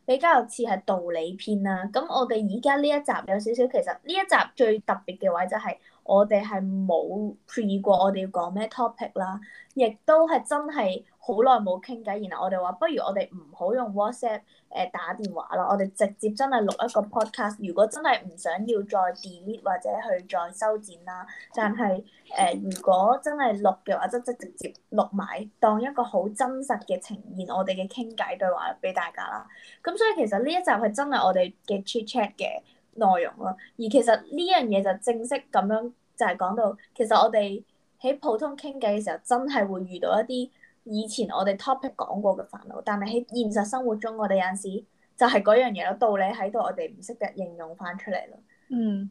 比較似係道理篇啦、啊。咁我哋而家呢一集有少少，其實呢一集最特別嘅位就係、是。我哋係冇 pre 過，我哋要講咩 topic 啦，亦都係真係好耐冇傾偈。然後我哋話，不如我哋唔好用 WhatsApp 誒、呃、打電話啦，我哋直接真係錄一個 podcast。如果真係唔想要再 delete 或者去再修剪啦，但係誒、呃、如果真係錄嘅話，即即直接錄埋當一個好真實嘅呈現我哋嘅傾偈對話俾大家啦。咁所以其實呢一集係真係我哋嘅 chitchat 嘅內容咯，而其實呢樣嘢就正式咁樣就係講到，其實我哋喺普通傾偈嘅時候，真係會遇到一啲以前我哋 topic 講過嘅煩惱，但係喺現實生活中，我哋有陣時就係嗰樣嘢有道理喺度，我哋唔識得應用翻出嚟咯。嗯，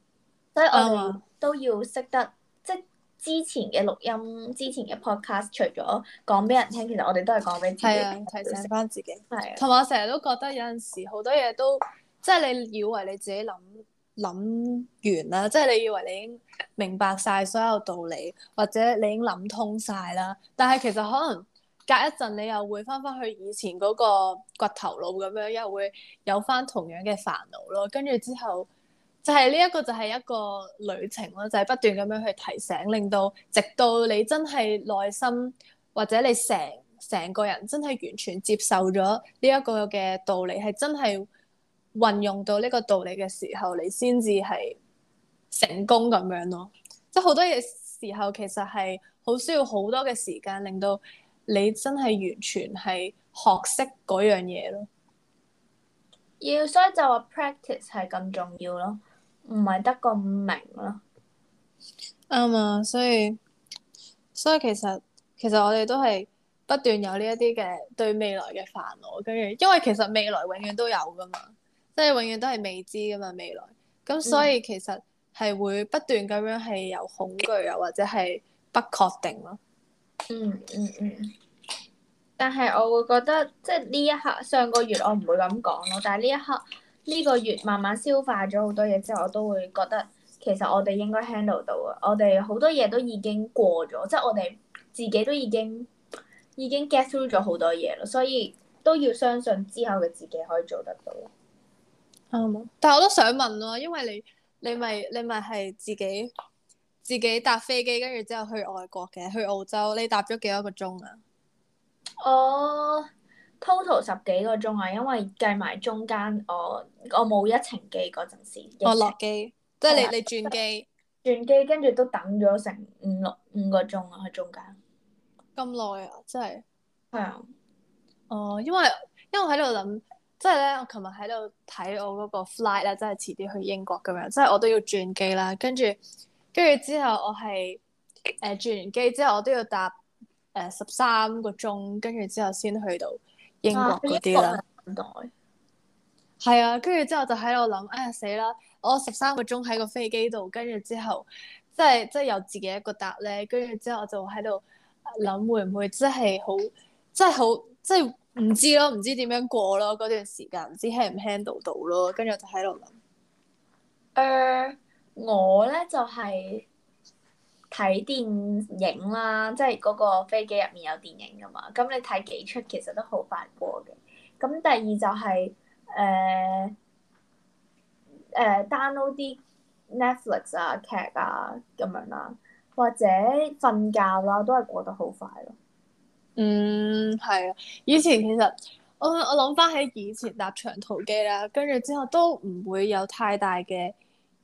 所以我哋都要識得，嗯、即之前嘅錄音、之前嘅 podcast，除咗講俾人聽，其實我哋都係講俾自己，嗯、懂懂提醒翻自己。係。同埋我成日都覺得有陣時好多嘢都。即係你以為你自己諗諗完啦，即係你以為你已經明白晒所有道理，或者你已經諗通晒啦。但係其實可能隔一陣，你又會翻返去以前嗰個掘頭腦咁樣，又會有翻同樣嘅煩惱咯。跟住之後，就係呢一個就係一個旅程咯，就係、是、不斷咁樣去提醒，令到直到你真係內心或者你成成個人真係完全接受咗呢一個嘅道理，係真係。運用到呢個道理嘅時候，你先至係成功咁樣咯。即係好多嘢時候，其實係好需要好多嘅時間，令到你真係完全係學識嗰樣嘢咯。要所以就話 practice 係咁重要咯，唔係得個明咯。啱、嗯、啊！所以所以其實其實我哋都係不斷有呢一啲嘅對未來嘅煩惱，跟住因為其實未來永遠都有㗎嘛。即係永遠都係未知噶嘛，未來咁所以其實係會不斷咁樣係有恐懼啊，或者係不確定咯。嗯。嗯嗯嗯。但係我會覺得，即係呢一刻上個月我唔會咁講咯，但係呢一刻呢個月慢慢消化咗好多嘢之後，我都會覺得其實我哋應該 handle 到啊。我哋好多嘢都已經過咗，即係我哋自己都已經已經 get through 咗好多嘢咯，所以都要相信之後嘅自己可以做得到。嗯、但係我都想問咯，因為你你咪你咪係自己自己搭飛機，跟住之後去外國嘅，去澳洲。你搭咗幾多個鐘啊？我 total，哦、十幾個鐘啊，因為計埋中間，我我冇一程機嗰陣時，我落機，即係你、嗯、你轉機，轉機跟住都等咗成五六五個鐘啊，喺中間咁耐啊，真係係啊，哦，因為因為我喺度諗。即係咧，我琴日喺度睇我嗰個 flight 咧，即係遲啲去英國咁樣，即係我都要轉機啦。跟住跟住之後我，我係誒轉完機之後，我都要搭誒十三個鐘，跟住之後先去到英國嗰啲啦。係啊，啊，跟住之後就喺度諗，哎呀死啦！我十三個鐘喺個飛機度，跟住之後即係即係由自己一個搭咧，跟住之後我就喺度諗會唔會即係好即係好即係。真唔知咯，唔知點樣過咯，嗰段時間唔知 handle 唔 handle 到咯，跟住我就喺度諗。誒、呃，我咧就係、是、睇電影啦，即係嗰個飛機入面有電影噶嘛，咁你睇幾出其實都好快過嘅。咁第二就係、是、誒誒、呃呃、download 啲 Netflix 啊劇啊咁樣啦，或者瞓覺啦，都係過得好快咯。嗯，係啊，以前其實我我諗翻起以前搭長途機啦，跟住之後都唔會有太大嘅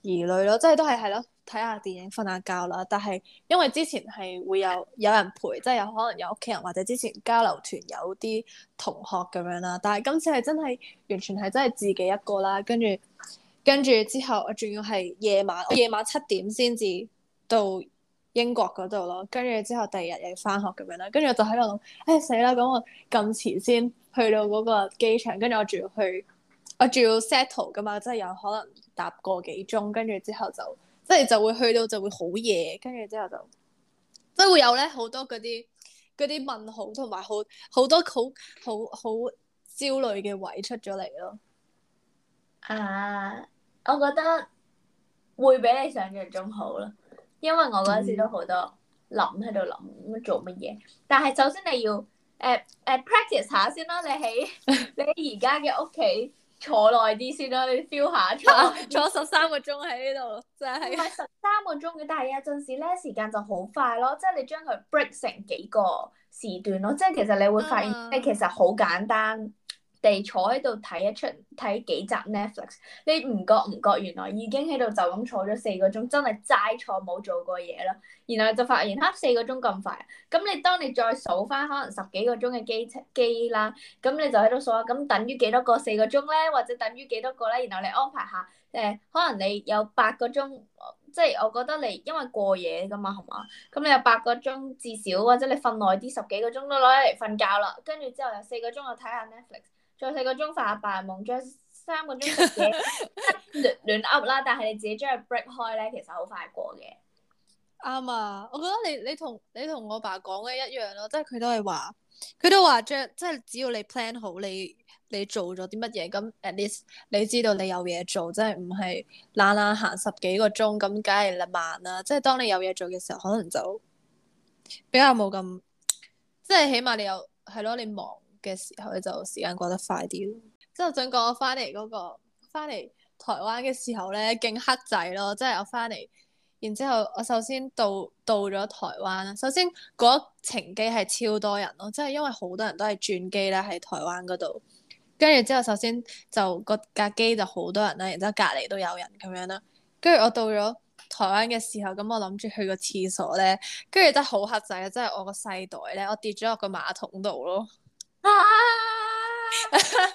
疑慮咯，即係都係係咯，睇下電影瞓下覺啦。但係因為之前係會有有人陪，即係有可能有屋企人或者之前交流團有啲同學咁樣啦。但係今次係真係完全係真係自己一個啦，跟住跟住之後我仲要係夜晚，我夜晚七點先至到。英國嗰度咯，跟住之後第二日又要返學咁樣啦，跟住、哎、我就喺度諗，誒死啦！咁我咁遲先去到嗰個機場，跟住我仲要去，我仲要 settle 噶嘛，即係有可能搭個幾鐘，跟住之後就即係就會去到就會好夜，跟住之後就都會有咧好多嗰啲嗰啲問號同埋好好多好好好焦慮嘅位出咗嚟咯。啊，我覺得會比你想象中好咯。因為我嗰陣時都好多諗，喺度諗做乜嘢，但係首先你要誒誒、uh, uh, practice 下先咯，你喺 你而家嘅屋企坐耐啲先咯，你 feel 下先。坐十三 個鐘喺呢度就係。唔係十三個鐘嘅，但係有陣時咧時間就好快咯，即係你將佢 break 成幾個時段咯，即係其實你會發現，即係其實好簡單。嗯地坐喺度睇一出睇幾集 Netflix，你唔覺唔覺原來已經喺度就咁坐咗四個鐘，真係齋坐冇做過嘢啦。然後就發現吓，四個鐘咁快，咁你當你再數翻可能十幾個鐘嘅機車啦，咁你就喺度數下，咁等於幾多個四個鐘咧？或者等於幾多個咧？然後你安排下誒、呃，可能你有八個鐘，即係我覺得你因為過夜噶嘛，係嘛？咁你有八個鐘至少，或者你瞓耐啲十幾個鐘都攞嚟嚟瞓覺啦。跟住之後有四個鐘就睇下 Netflix。再四個鐘發下白夢，再三個鐘自己亂亂 up 啦。但係你自己將佢 break 開咧，其實好快過嘅。啱啊！我覺得你你同你同我爸講嘅一樣咯，即係佢都係話佢都話，即係只要你 plan 好你你做咗啲乜嘢，咁 at least 你知道你有嘢做，即係唔係懶懶行十幾個鐘咁，梗係慢啦。即係當你有嘢做嘅時候，可能就比較冇咁，即係起碼你有係咯，你忙嘅時候咧，就時間過得快啲咯。即係我想講，我翻嚟嗰個翻嚟台灣嘅時候咧，勁黑仔咯。即係我翻嚟，然之後我首先到到咗台灣啦。首先嗰程機係超多人咯，即係因為好多人都係轉機啦，喺台灣嗰度。跟住之後，首先就個架機就好多人啦，然之後隔離都有人咁樣啦。跟住我到咗台灣嘅時候，咁，嗯，我諗住去個廁所咧，跟住真係好黑仔啊！即係我個細袋咧，我跌咗落個馬桶度咯。啊、ah!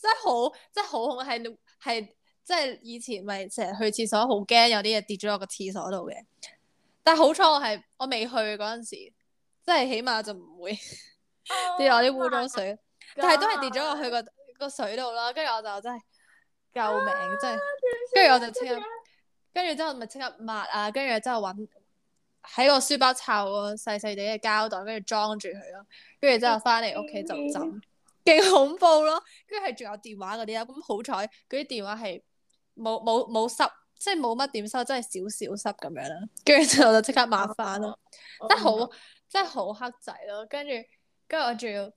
真係好，真係好恐怖！係係，即係以前咪成日去廁所好驚，有啲嘢跌咗落個廁所度嘅。但係好彩我係我未去嗰陣時，即係起碼就唔會跌落啲污糟水。Oh、my 但係都係跌咗落去，嗰個，嗰個水度啦，跟住我就真係救命，ah, 真係是。跟住我就即刻，跟住之後咪即刻抹啊，跟住之後搵。喺個書包抄個細細哋嘅膠袋，跟住裝住佢咯，跟住之後翻嚟屋企就浸，勁恐怖咯。跟住係仲有電話嗰啲啦，咁好彩嗰啲電話係冇冇冇濕，即係冇乜點濕，真係少少濕咁樣啦。跟住之後就即刻抹翻咯，真係好真係好黑仔咯。跟住跟住我仲要，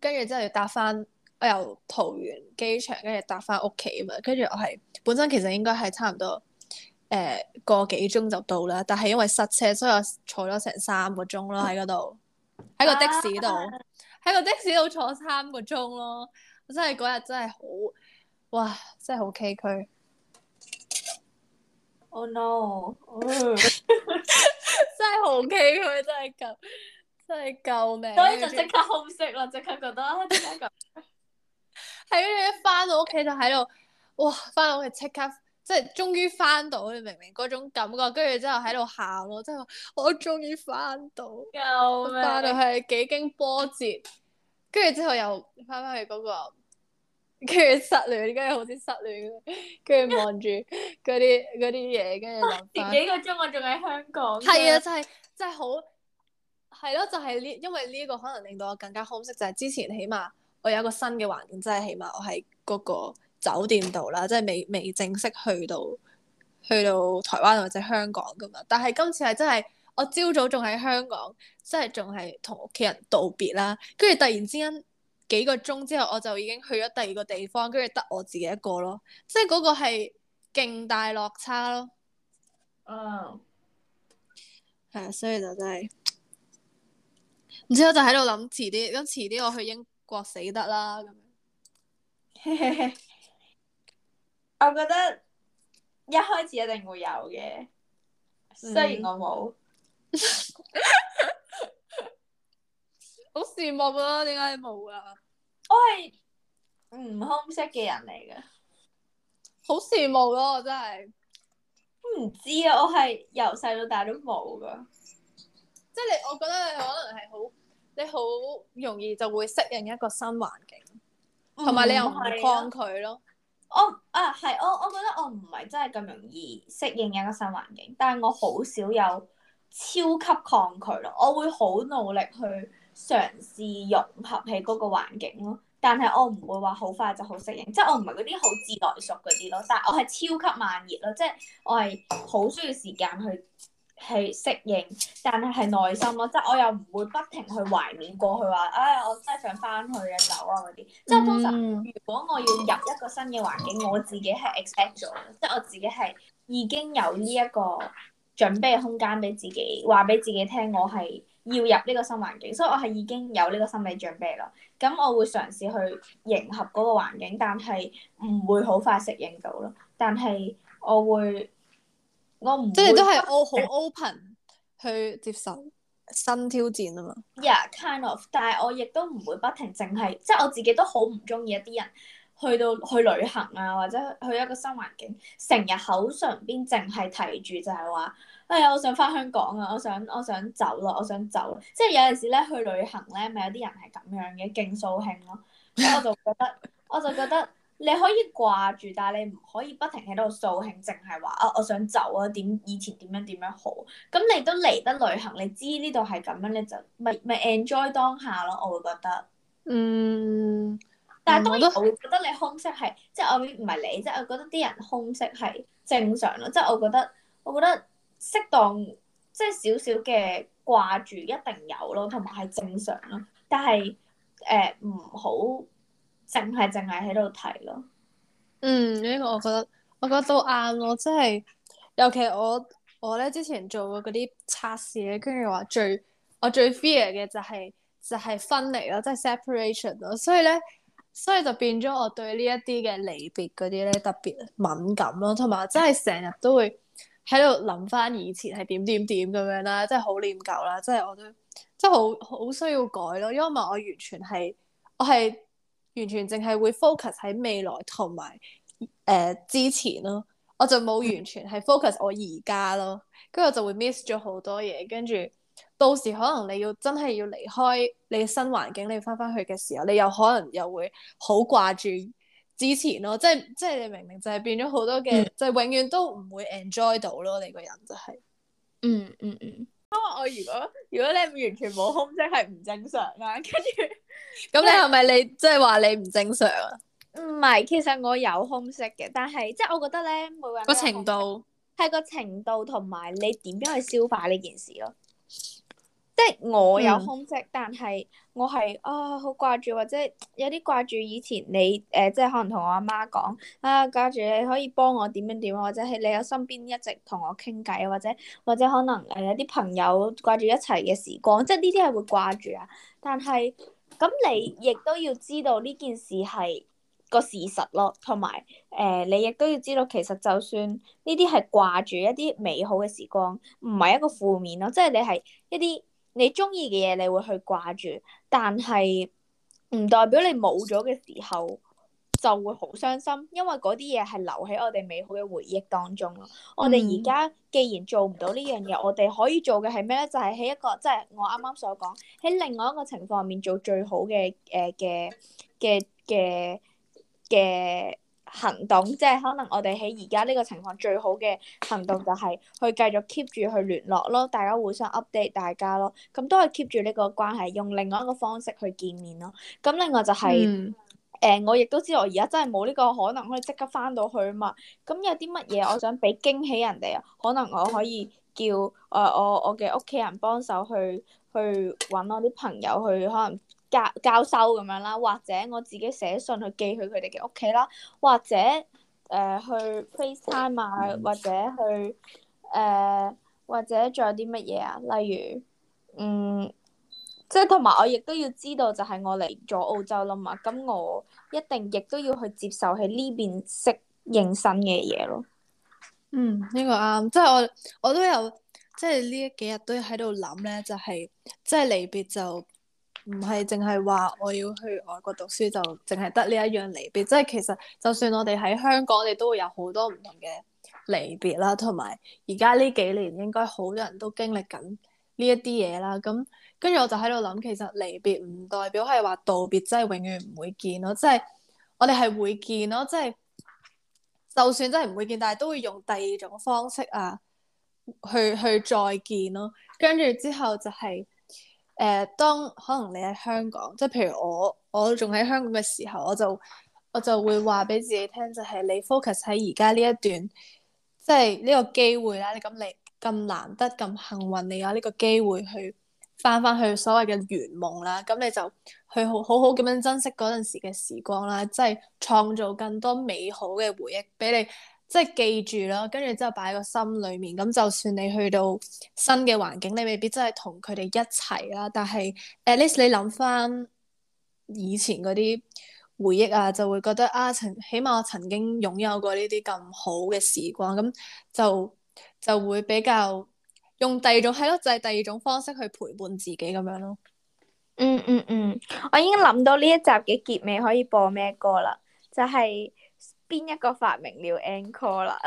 跟住之後要搭翻，我由桃園機場跟住搭翻屋企啊嘛。跟住我係本身其實應該係差唔多。誒，個幾鐘就到啦，但係因為塞車，所以我坐咗成三個鐘咯，喺嗰度，喺個的士度，喺個的士度坐三個鐘咯，我真係嗰日真係好，哇，真係好崎嶇。Oh no！Oh. 真係好崎嶇，真係夠，真係救命。所以就即刻好食啦， 即刻覺得即刻咁，係啊！一 翻到屋企就喺度，哇！翻到屋企即刻。即係終於翻到，你明唔明嗰種感覺？跟住之後喺度喊咯，即係我終於翻到，又命翻到係幾經波折，跟住之後又翻返去嗰個，跟住失戀，跟住好似失戀，跟住望住嗰啲啲嘢，跟住 就……翻。前 幾個鐘我仲喺香港。係 啊，就係真係好，係咯，就係、是、呢、啊就是，因為呢一個可能令到我更加好適，就係、是、之前起碼我有一個新嘅環境，即、就、係、是、起碼我係嗰、嗰個。酒店度啦，即係未未正式去到去到台灣或者香港噶嘛，但係今次係真係我朝早仲喺香港，即係仲係同屋企人道別啦，跟住突然之間幾個鐘之後，我就已經去咗第二個地方，跟住得我自己一個咯，即係嗰個係勁大落差咯。嗯，係啊，所以就真係，然之後我就喺度諗遲啲，咁遲啲我去英國死得啦咁樣。 我覺得一開始一定會有嘅，雖然、嗯、我冇 我好羨慕咯，點解你冇啊？我係唔空 o 嘅人嚟嘅，好羨慕咯，真係唔知啊！我係由細到大都冇噶，即係你，我覺得你可能係好，你好容易就會適應一個新環境，同埋你又唔抗拒咯。我啊，係我，我覺得我唔係真係咁容易適應一個新環境，但係我好少有超級抗拒咯。我會好努力去嘗試融合喺嗰個環境咯，但係我唔會話好快就好適應，即係我唔係嗰啲好自來熟嗰啲咯。但係我係超級慢熱咯，即係我係好需要時間去。係適應，但係係內心咯，即係我又唔會不停去懷念過去話，哎呀，我真係想翻去啊，走啊嗰啲。即係通常，如果我要入一個新嘅環境，我自己係 expect 咗，即係我自己係已經有呢一個準備嘅空間俾自己，話俾自己聽，我係要入呢個新環境，所以我係已經有呢個心理準備咯。咁我會嘗試去迎合嗰個環境，但係唔會好快適應到咯。但係我會。我唔即係都係我好 open 去接受新挑戰啊嘛。Yeah, kind of，但係我亦都唔會不停淨係，即係我自己都好唔中意，一啲人去到去旅行啊，或者去一個新環境，成日口上邊淨係提住就係話哎呀，我想返香港啊，我想我想走咯，我想走啊，我想走啊。即係有陣時咧去旅行咧，咪有啲人係咁樣嘅，勁掃興咯。咁我就覺得， 我就覺得。你可以掛住，但係你唔可以不停喺度掃興，淨係話啊，我想走啊，點以前點樣點樣好。咁你都嚟得旅行，你知呢度係咁樣，你就咪咪 enjoy 當下咯。我會覺得，嗯，但係當然我會覺得你空適係，嗯、即係我唔係你，即係我覺得啲人空適係正常咯。即係我覺得，我覺得適當即係少少嘅掛住一定有咯，同埋係正常咯。但係誒唔好。淨係淨係喺度睇咯，嗯，呢個我覺得我覺得都啱咯，即係尤其我我咧之前做過嗰啲測試咧，跟住話最我最，最 fear 嘅就係、是、就係、是、分離咯，即、就、係、是、separation 咯，所以咧所以就變咗我對呢一啲嘅離別嗰啲咧特別敏感咯，同埋我真係成日都會喺度諗翻以前係點點點咁樣啦，即係好念舊啦，即係我都即係好好需要改咯，因為唔我完全係我係。完全淨係會 focus 喺未來同埋誒之前咯，我就冇完全係 focus 我而家咯，跟住 我就會 miss 咗好多嘢。跟住到時可能你要真係要離開你嘅新環境，你要翻翻去嘅時候，你又可能又會好掛住之前咯，即係即係你明明就係變咗好多嘅， 就永遠都唔會 enjoy 到咯。你個人就係嗯嗯嗯。嗯嗯因為我如果如果你完全冇空隙係唔正常啊，跟住咁你係咪你即係話你唔正常啊？唔係，其實我有空隙嘅，但係即係我覺得咧，每個人程度個程度係個程度同埋你點樣去消化呢件事咯。即係我有空職，但係我係啊，好掛住或者有啲掛住以前你誒、呃，即係可能同我阿媽講啊，掛住你可以幫我點樣點啊，或者係你喺身邊一直同我傾偈，或者或者可能誒有啲朋友掛住一齊嘅時光，即係呢啲係會掛住啊。但係咁你亦都要知道呢件事係個事實咯，同埋誒你亦都要知道其實就算呢啲係掛住一啲美好嘅時光，唔係一個負面咯，即係你係一啲。你中意嘅嘢，你會去掛住，但係唔代表你冇咗嘅時候就會好傷心，因為嗰啲嘢係留喺我哋美好嘅回憶當中咯。我哋而家既然做唔到呢樣嘢，我哋可以做嘅係咩咧？就係、是、喺一個即係、就是、我啱啱所講喺另外一個情況入面做最好嘅誒嘅嘅嘅嘅。呃.行動，即係可能我哋喺而家呢個情況最好嘅行動就係去繼續 keep 住去聯絡咯，大家互相 update 大家咯，咁都係 keep 住呢個關係，用另外一個方式去見面咯。咁另外就係、是、誒、嗯呃，我亦都知道我而家真係冇呢個可能可以即刻翻到去嘛。咁有啲乜嘢我想俾驚喜人哋啊？可能我可以叫誒、呃、我我嘅屋企人幫手去去搵我啲朋友去可能。教教授咁樣啦，或者我自己寫信去寄去佢哋嘅屋企啦，或者誒、呃、去 FaceTime 啊，或者去誒，或者仲有啲乜嘢啊？例如，嗯，即係同埋我亦都要知道，就係我嚟咗澳洲啦嘛，咁我一定亦都要去接受喺呢邊識認新嘅嘢咯。嗯，呢、呢個啱，即係我我都有，即係呢幾日都喺度諗咧，就係即係離別就。唔係淨係話我要去外國讀書就淨係得呢一樣離別，即係其實就算我哋喺香港，我哋都會有好多唔同嘅離別啦，同埋而家呢幾年應該好多人都經歷緊呢一啲嘢啦。咁跟住我就喺度諗，其實離別唔代表係話道別，真係永遠唔會見咯，即係我哋係會見咯，即係就算真係唔會見，但係都會用第二種方式啊，去去再見咯。跟住之後就係、是。誒、呃，當可能你喺香港，即係譬如我，我仲喺香港嘅時候，我就我就會話俾自己聽，就係、是、你 focus 喺而家呢一段，即係呢個機會啦。你咁你咁難得咁幸運，你有呢個機會去返返去所謂嘅圓夢啦。咁你就去好好好咁樣珍惜嗰陣時嘅時光啦，即係創造更多美好嘅回憶俾你。即係記住咯，跟住之後擺喺個心裏面，咁就算你去到新嘅環境，你未必真係同佢哋一齊啦，但係 at least 你諗翻以前嗰啲回憶啊，就會覺得啊，曾起碼我曾經擁有過呢啲咁好嘅時光，咁就就會比較用第二種係咯，就係、是、第二種方式去陪伴自己咁樣咯、嗯。嗯嗯嗯，我已經諗到呢一集嘅結尾可以播咩歌啦，就係、是。邊一個發明了 Anchor 啦？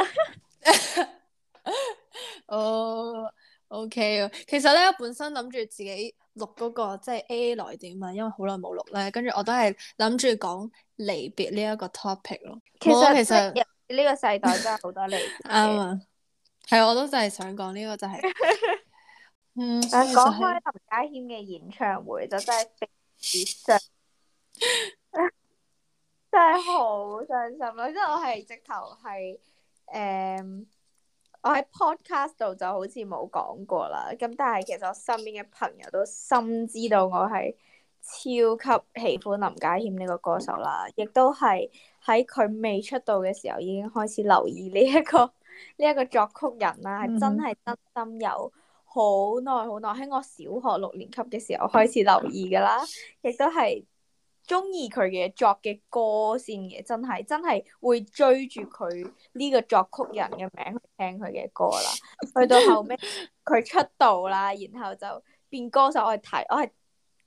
哦、 oh,，OK 啊，其實咧，本身諗住自己錄嗰、那個即係 A A 來電啊，因為好耐冇錄咧，跟住我都係諗住講離別呢一個 topic 咯、就是哦。其實其實呢個世代真係好多離別。啱啊， 係我都真係想講呢個就係、是， 嗯。但講開林家謙嘅演唱會，就真係 真係好傷心咯！即係我係直頭係誒，我喺 podcast 度就好似冇講過啦。咁但係其實我身邊嘅朋友都深知道我係超級喜歡林家謙呢個歌手啦，亦都係喺佢未出道嘅時候已經開始留意呢、這、一個呢一、這個作曲人啦，係、嗯、真係真心有好耐好耐喺我小學六年級嘅時候開始留意㗎喇，亦都係。中意佢嘅作嘅歌先嘅，真係真係會追住佢呢個作曲人嘅名去聽佢嘅歌啦。去 到後尾佢出道啦，然後就變歌手。我係睇，我係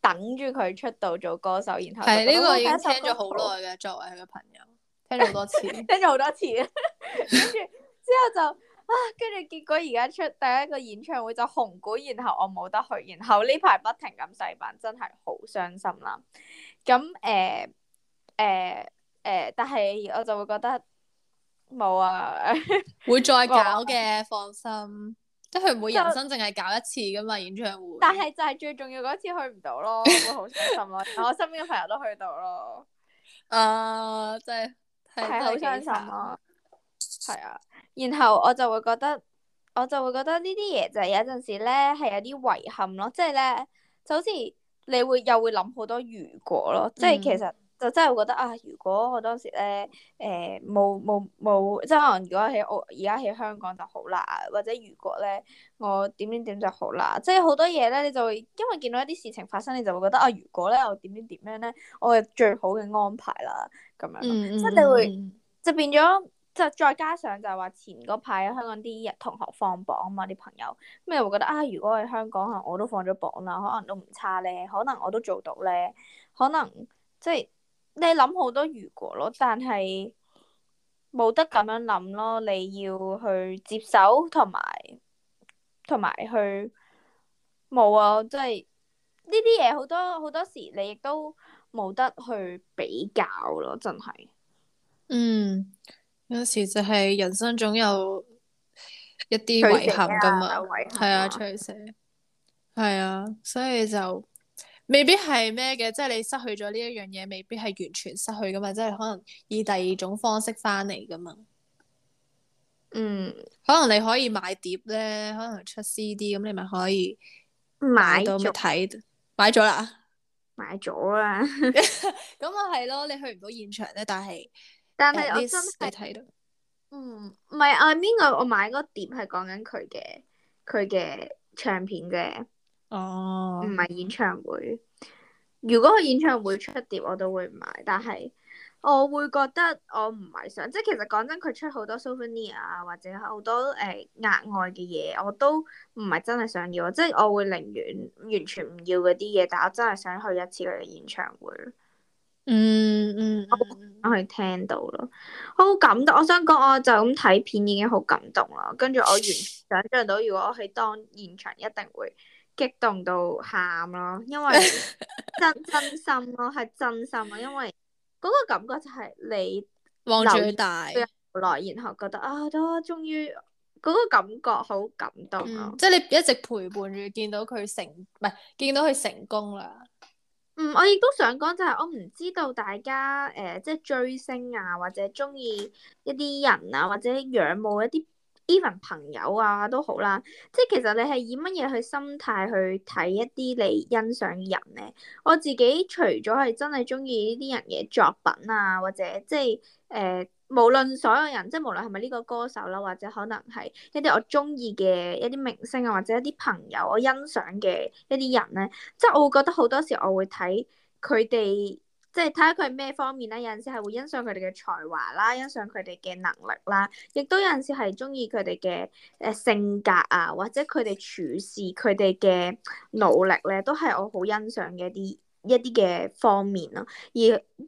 等住佢出道做歌手。然後係呢、這個已經聽咗好耐嘅，作為佢嘅朋友，聽咗好多次， 聽咗好多次。跟 住之後就啊，跟住結果而家出第一個演唱會就紅館，然後我冇得去，然後呢排不停咁細版，真係好傷心啦。咁誒誒誒，但係我就會覺得冇啊， 會再搞嘅，啊、放心，即係佢唔會人生淨係就搞一次噶嘛演唱會。但係就係最重要嗰次去唔到咯，會好傷心咯。我身邊嘅朋友都去到咯，uh, 真啊真係係好傷心咯，係 啊。然後我就會覺得，我就會覺得呢啲嘢就係有陣時咧係有啲遺憾咯，即係咧就好似。你會又會諗好多如果咯，即係其實就真係會覺得啊，如果我當時咧誒冇冇冇，即係可能如果喺我而家喺香港就好啦，或者如果咧我點點點就好啦，即係好多嘢咧，你就會因為見到一啲事情發生，你就會覺得啊，如果咧我點點點樣咧，我係最好嘅安排啦，咁樣，嗯嗯即係你會就變咗。就再加上就係話前嗰排香港啲同學放榜啊嘛，啲朋友咩，會覺得啊，如果喺香港可能我都放咗榜啦，可能都唔差咧，可能我都做到咧，可能即係、就是、你諗好多如果咯，但係冇得咁樣諗咯，你要去接手，同埋同埋去冇啊，即係呢啲嘢好多好多時你亦都冇得去比較咯，真係嗯。有時就係人生總有一啲遺憾噶嘛，係啊，出去寫，係啊，所以就未必係咩嘅，即係你失去咗呢一樣嘢，未必係完全失去噶嘛，即係可能以第二種方式翻嚟噶嘛。嗯，可能你可以買碟咧，可能出 CD，咁你咪可以買到睇，買咗啦，買咗啦，咁啊係咯，你去唔到現場咧，但係。但係我真係睇到，嗯，唔係啊，邊個，I mean, 我買嗰碟係講緊佢嘅，佢嘅唱片嘅，哦，唔係演唱會。如果佢演唱會出碟，我都會買。但係我會覺得我唔係想，即係其實講真，佢出好多 Souvenir 啊，或者好多誒、呃、額外嘅嘢，我都唔係真係想要。即係我會寧願完全唔要嗰啲嘢，但我真係想去一次佢嘅演唱會。嗯嗯，嗯，我係聽到咯，好感動。我想講，我就咁睇片已經好感動啦。跟住我完全想象到，如果我喺當現場，一定會激動到喊咯。因為真 真心咯，係真心啊。因為嗰個感覺就係你望住大，佢大，然後覺得啊，都終於嗰個感覺好感動咯，嗯。即係你一直陪伴住，見到佢成，唔係，見到佢成功啦。嗯，我亦都想講，就係我唔知道大家誒、呃，即係追星啊，或者中意一啲人啊，或者仰慕一啲 even 朋友啊都好啦。即係其實你係以乜嘢去心態去睇一啲你欣賞嘅人咧？我自己除咗係真係中意呢啲人嘅作品啊，或者即係誒。呃無論所有人，即係無論係咪呢個歌手啦，或者可能係一啲我鍾意嘅一啲明星啊，或者一啲朋友，我欣賞嘅一啲人咧，即係我會覺得好多時我會睇佢哋，即係睇下佢係咩方面咧。有陣時係會欣賞佢哋嘅才華啦，欣賞佢哋嘅能力啦，亦都有陣時係鍾意佢哋嘅誒性格啊，或者佢哋處事佢哋嘅努力咧，都係我好欣賞嘅一啲一啲嘅方面咯，而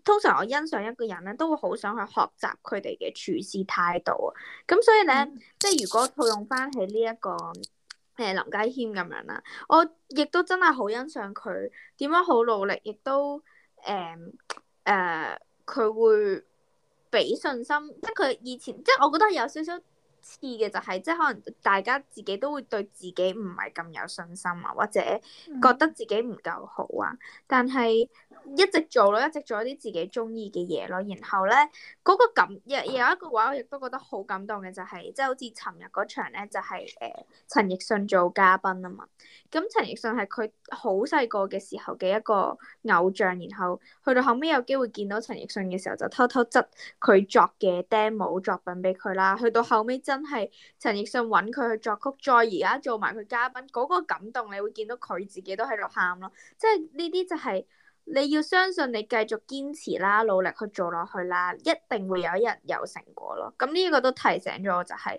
通常我欣賞一個人咧，都會好想去學習佢哋嘅處事態度啊。咁所以咧，嗯、即係如果套用翻起呢一個誒、呃、林家謙咁樣啦，我亦都真係好欣賞佢點樣好努力，亦都誒誒佢會俾信心，即係佢以前即係我覺得有少少。次嘅就係，即係可能大家自己都會對自己唔係咁有信心啊，或者覺得自己唔夠好啊，但係。一直做咯，一直做一啲自己中意嘅嘢咯。然後咧，嗰、那個感亦有一句話，我亦都覺得好感動嘅，就係即係好似尋日嗰場咧，就係、是、誒、就是呃、陳奕迅做嘉賓啊嘛。咁、嗯、陳奕迅係佢好細個嘅時候嘅一個偶像，然後去到後尾有機會見到陳奕迅嘅時候，就偷偷執佢作嘅 Demo 作品俾佢啦。去到後尾真係陳奕迅揾佢去作曲，再而家做埋佢嘉賓，嗰、那個感動你會見到佢自己都喺度喊咯。即係呢啲就係、是。你要相信你繼續堅持啦，努力去做落去啦，一定會有一日有成果咯。咁呢個都提醒咗我、就是，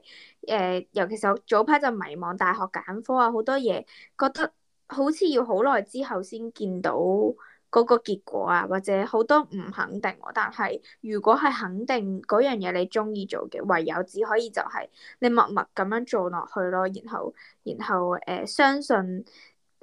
就係誒，尤其是我早排就迷茫大學揀科啊，好多嘢覺得好似要好耐之後先見到嗰個結果啊，或者好多唔肯定、啊。但係如果係肯定嗰樣嘢你中意做嘅，唯有只可以就係你默默咁樣做落去咯，然後然後誒、呃，相信。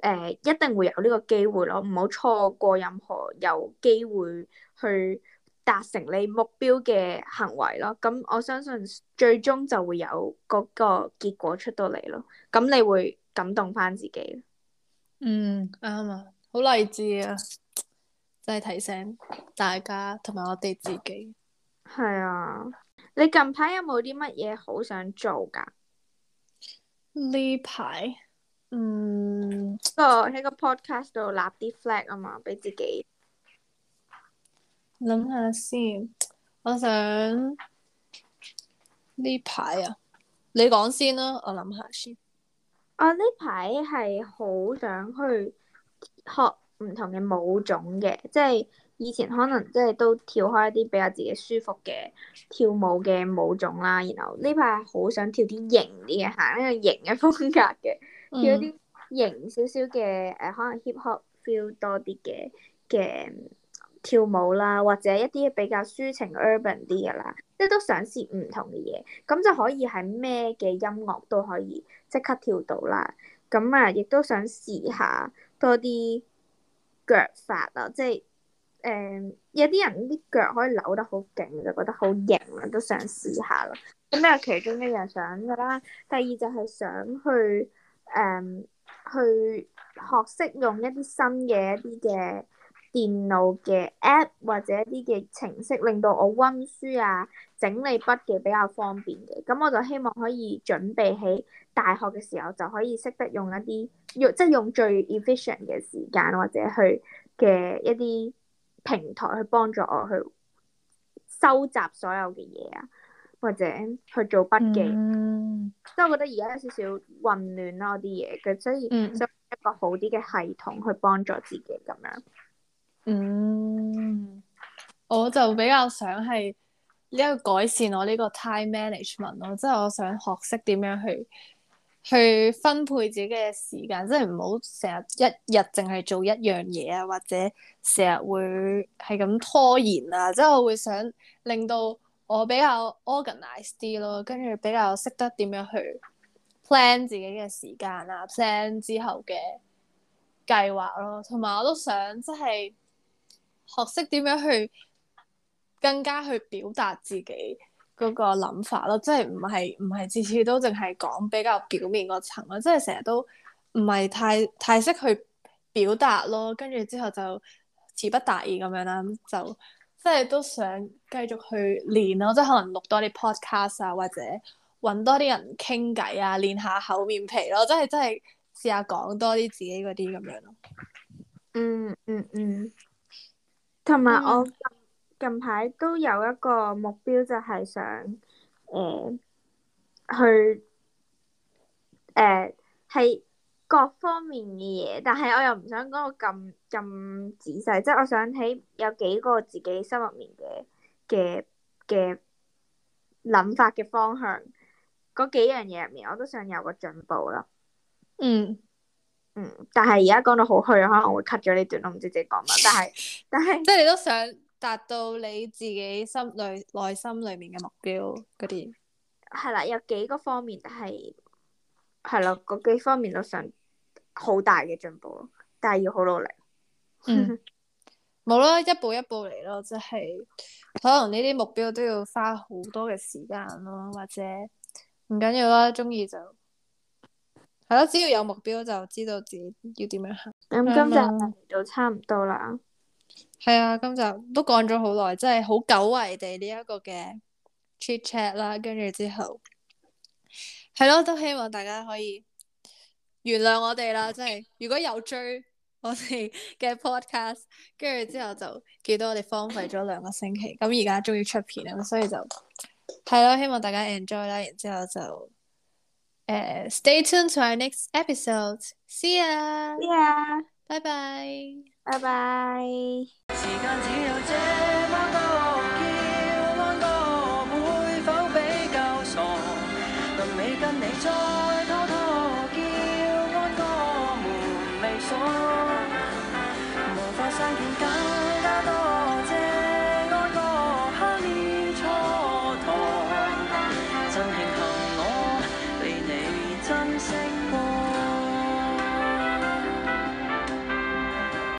誒，一定會有呢個機會咯，唔好錯過任何有機會去達成你目標嘅行為咯。咁我相信最終就會有嗰個結果出到嚟咯，咁你會感動返自己。嗯，啱啊，好勵志啊，真係提醒大家同埋我哋自己。係啊，你近排有冇啲乜嘢好想做㗎，呢排？嗯，不過、哦、個喺個 podcast 度立啲 flag 啊嘛，俾自己諗下先。我想呢排啊，你講先啦，我諗下先。啊，呢排係好想去學唔同嘅舞種嘅，即係以前可能即係都跳開一啲比較自己舒服嘅跳舞嘅舞種啦。然後呢排好想跳啲型啲嘅，行呢個型嘅風格嘅。 有啲型少少嘅，誒、嗯、可能 hip hop feel 多啲嘅嘅跳舞啦，或者一啲比較抒情 urban 啲嘅啦，即係都想試唔同嘅嘢，咁就可以係咩嘅音樂都可以即刻跳到啦。咁啊，亦都想試下多啲腳法啦，即係誒、嗯、有啲人啲腳可以扭得好勁，就覺得好型啦，都想試下啦。咁呢，其中一樣想噶啦，第二就係想去。誒，um, 去學識用一啲新嘅一啲嘅電腦嘅 app 或者一啲嘅程式，令到我溫書啊、整理筆記比較方便嘅。咁我就希望可以準備喺大學嘅時候就可以識得用一啲，即係、就是、用最 efficient 嘅時間或者去嘅一啲平台去幫助我去收集所有嘅嘢啊。或者去做筆記，即係、嗯、我覺得而家有少少混亂啦，啲嘢嘅，所以想、嗯、一個好啲嘅系統去幫助自己咁樣。嗯，我就比較想係呢一個改善我呢個 time management 咯，即係我想學識點樣去去分配自己嘅時間，即係唔好成日一日淨係做一樣嘢啊，或者成日會係咁拖延啊，即係我會想令到。我比較 organized 啲咯，跟住比較識得點樣去 plan 自己嘅時間啦，plan 之後嘅計劃咯，同埋我都想即係學識點樣去更加去表達自己嗰個諗法咯，即係唔係唔係次次都淨係講比較表面嗰層咯，即係成日都唔係太太識去表達咯，跟住之後就詞不達意咁樣啦，咁就。即係都想繼續去練咯，即係可能錄多啲 podcast 啊，或者揾多啲人傾偈啊，練下厚面皮咯。即係真係試下講多啲自己嗰啲咁樣咯。嗯嗯嗯，嗯嗯，同埋我近排都有一個目標，就係想，誒，去，誒係，呃各方面嘅嘢，但係我又唔想講到咁咁仔細，即係我想喺有幾個自己心入面嘅嘅嘅諗法嘅方向嗰幾樣嘢入面，我都想有個進步啦。嗯嗯，但係而家講到好虛，可能我會 cut 咗呢段，我唔知自己講乜，但係但係即係你都想達到你自己心裏內心裏面嘅目標嗰啲係啦，有幾個方面，但係，係啦，嗰幾方面都想。好大嘅進步，但係要好努力。冇、 嗯、啦，一步一步嚟咯，即係可能呢啲目標都要花好多嘅時間咯，或者唔緊要啦，中意就係咯，只要有目標就知道自己要點樣行。咁、嗯、啦今集就差唔多啦，係啊，今集都講咗好耐，真係好久違地呢一個嘅 chit chat 啦，跟住之後係咯，都希望大家可以。原諒我哋啦，真係，如果有追我哋嘅 podcast，跟住之後就記得我哋荒廢咗兩個星期，咁而家終於出片啦，咁所以就係咯，希望大家 enjoy 啦，然之後就誒、呃、stay tuned to our next episode，see ya，see ya，拜拜，拜拜。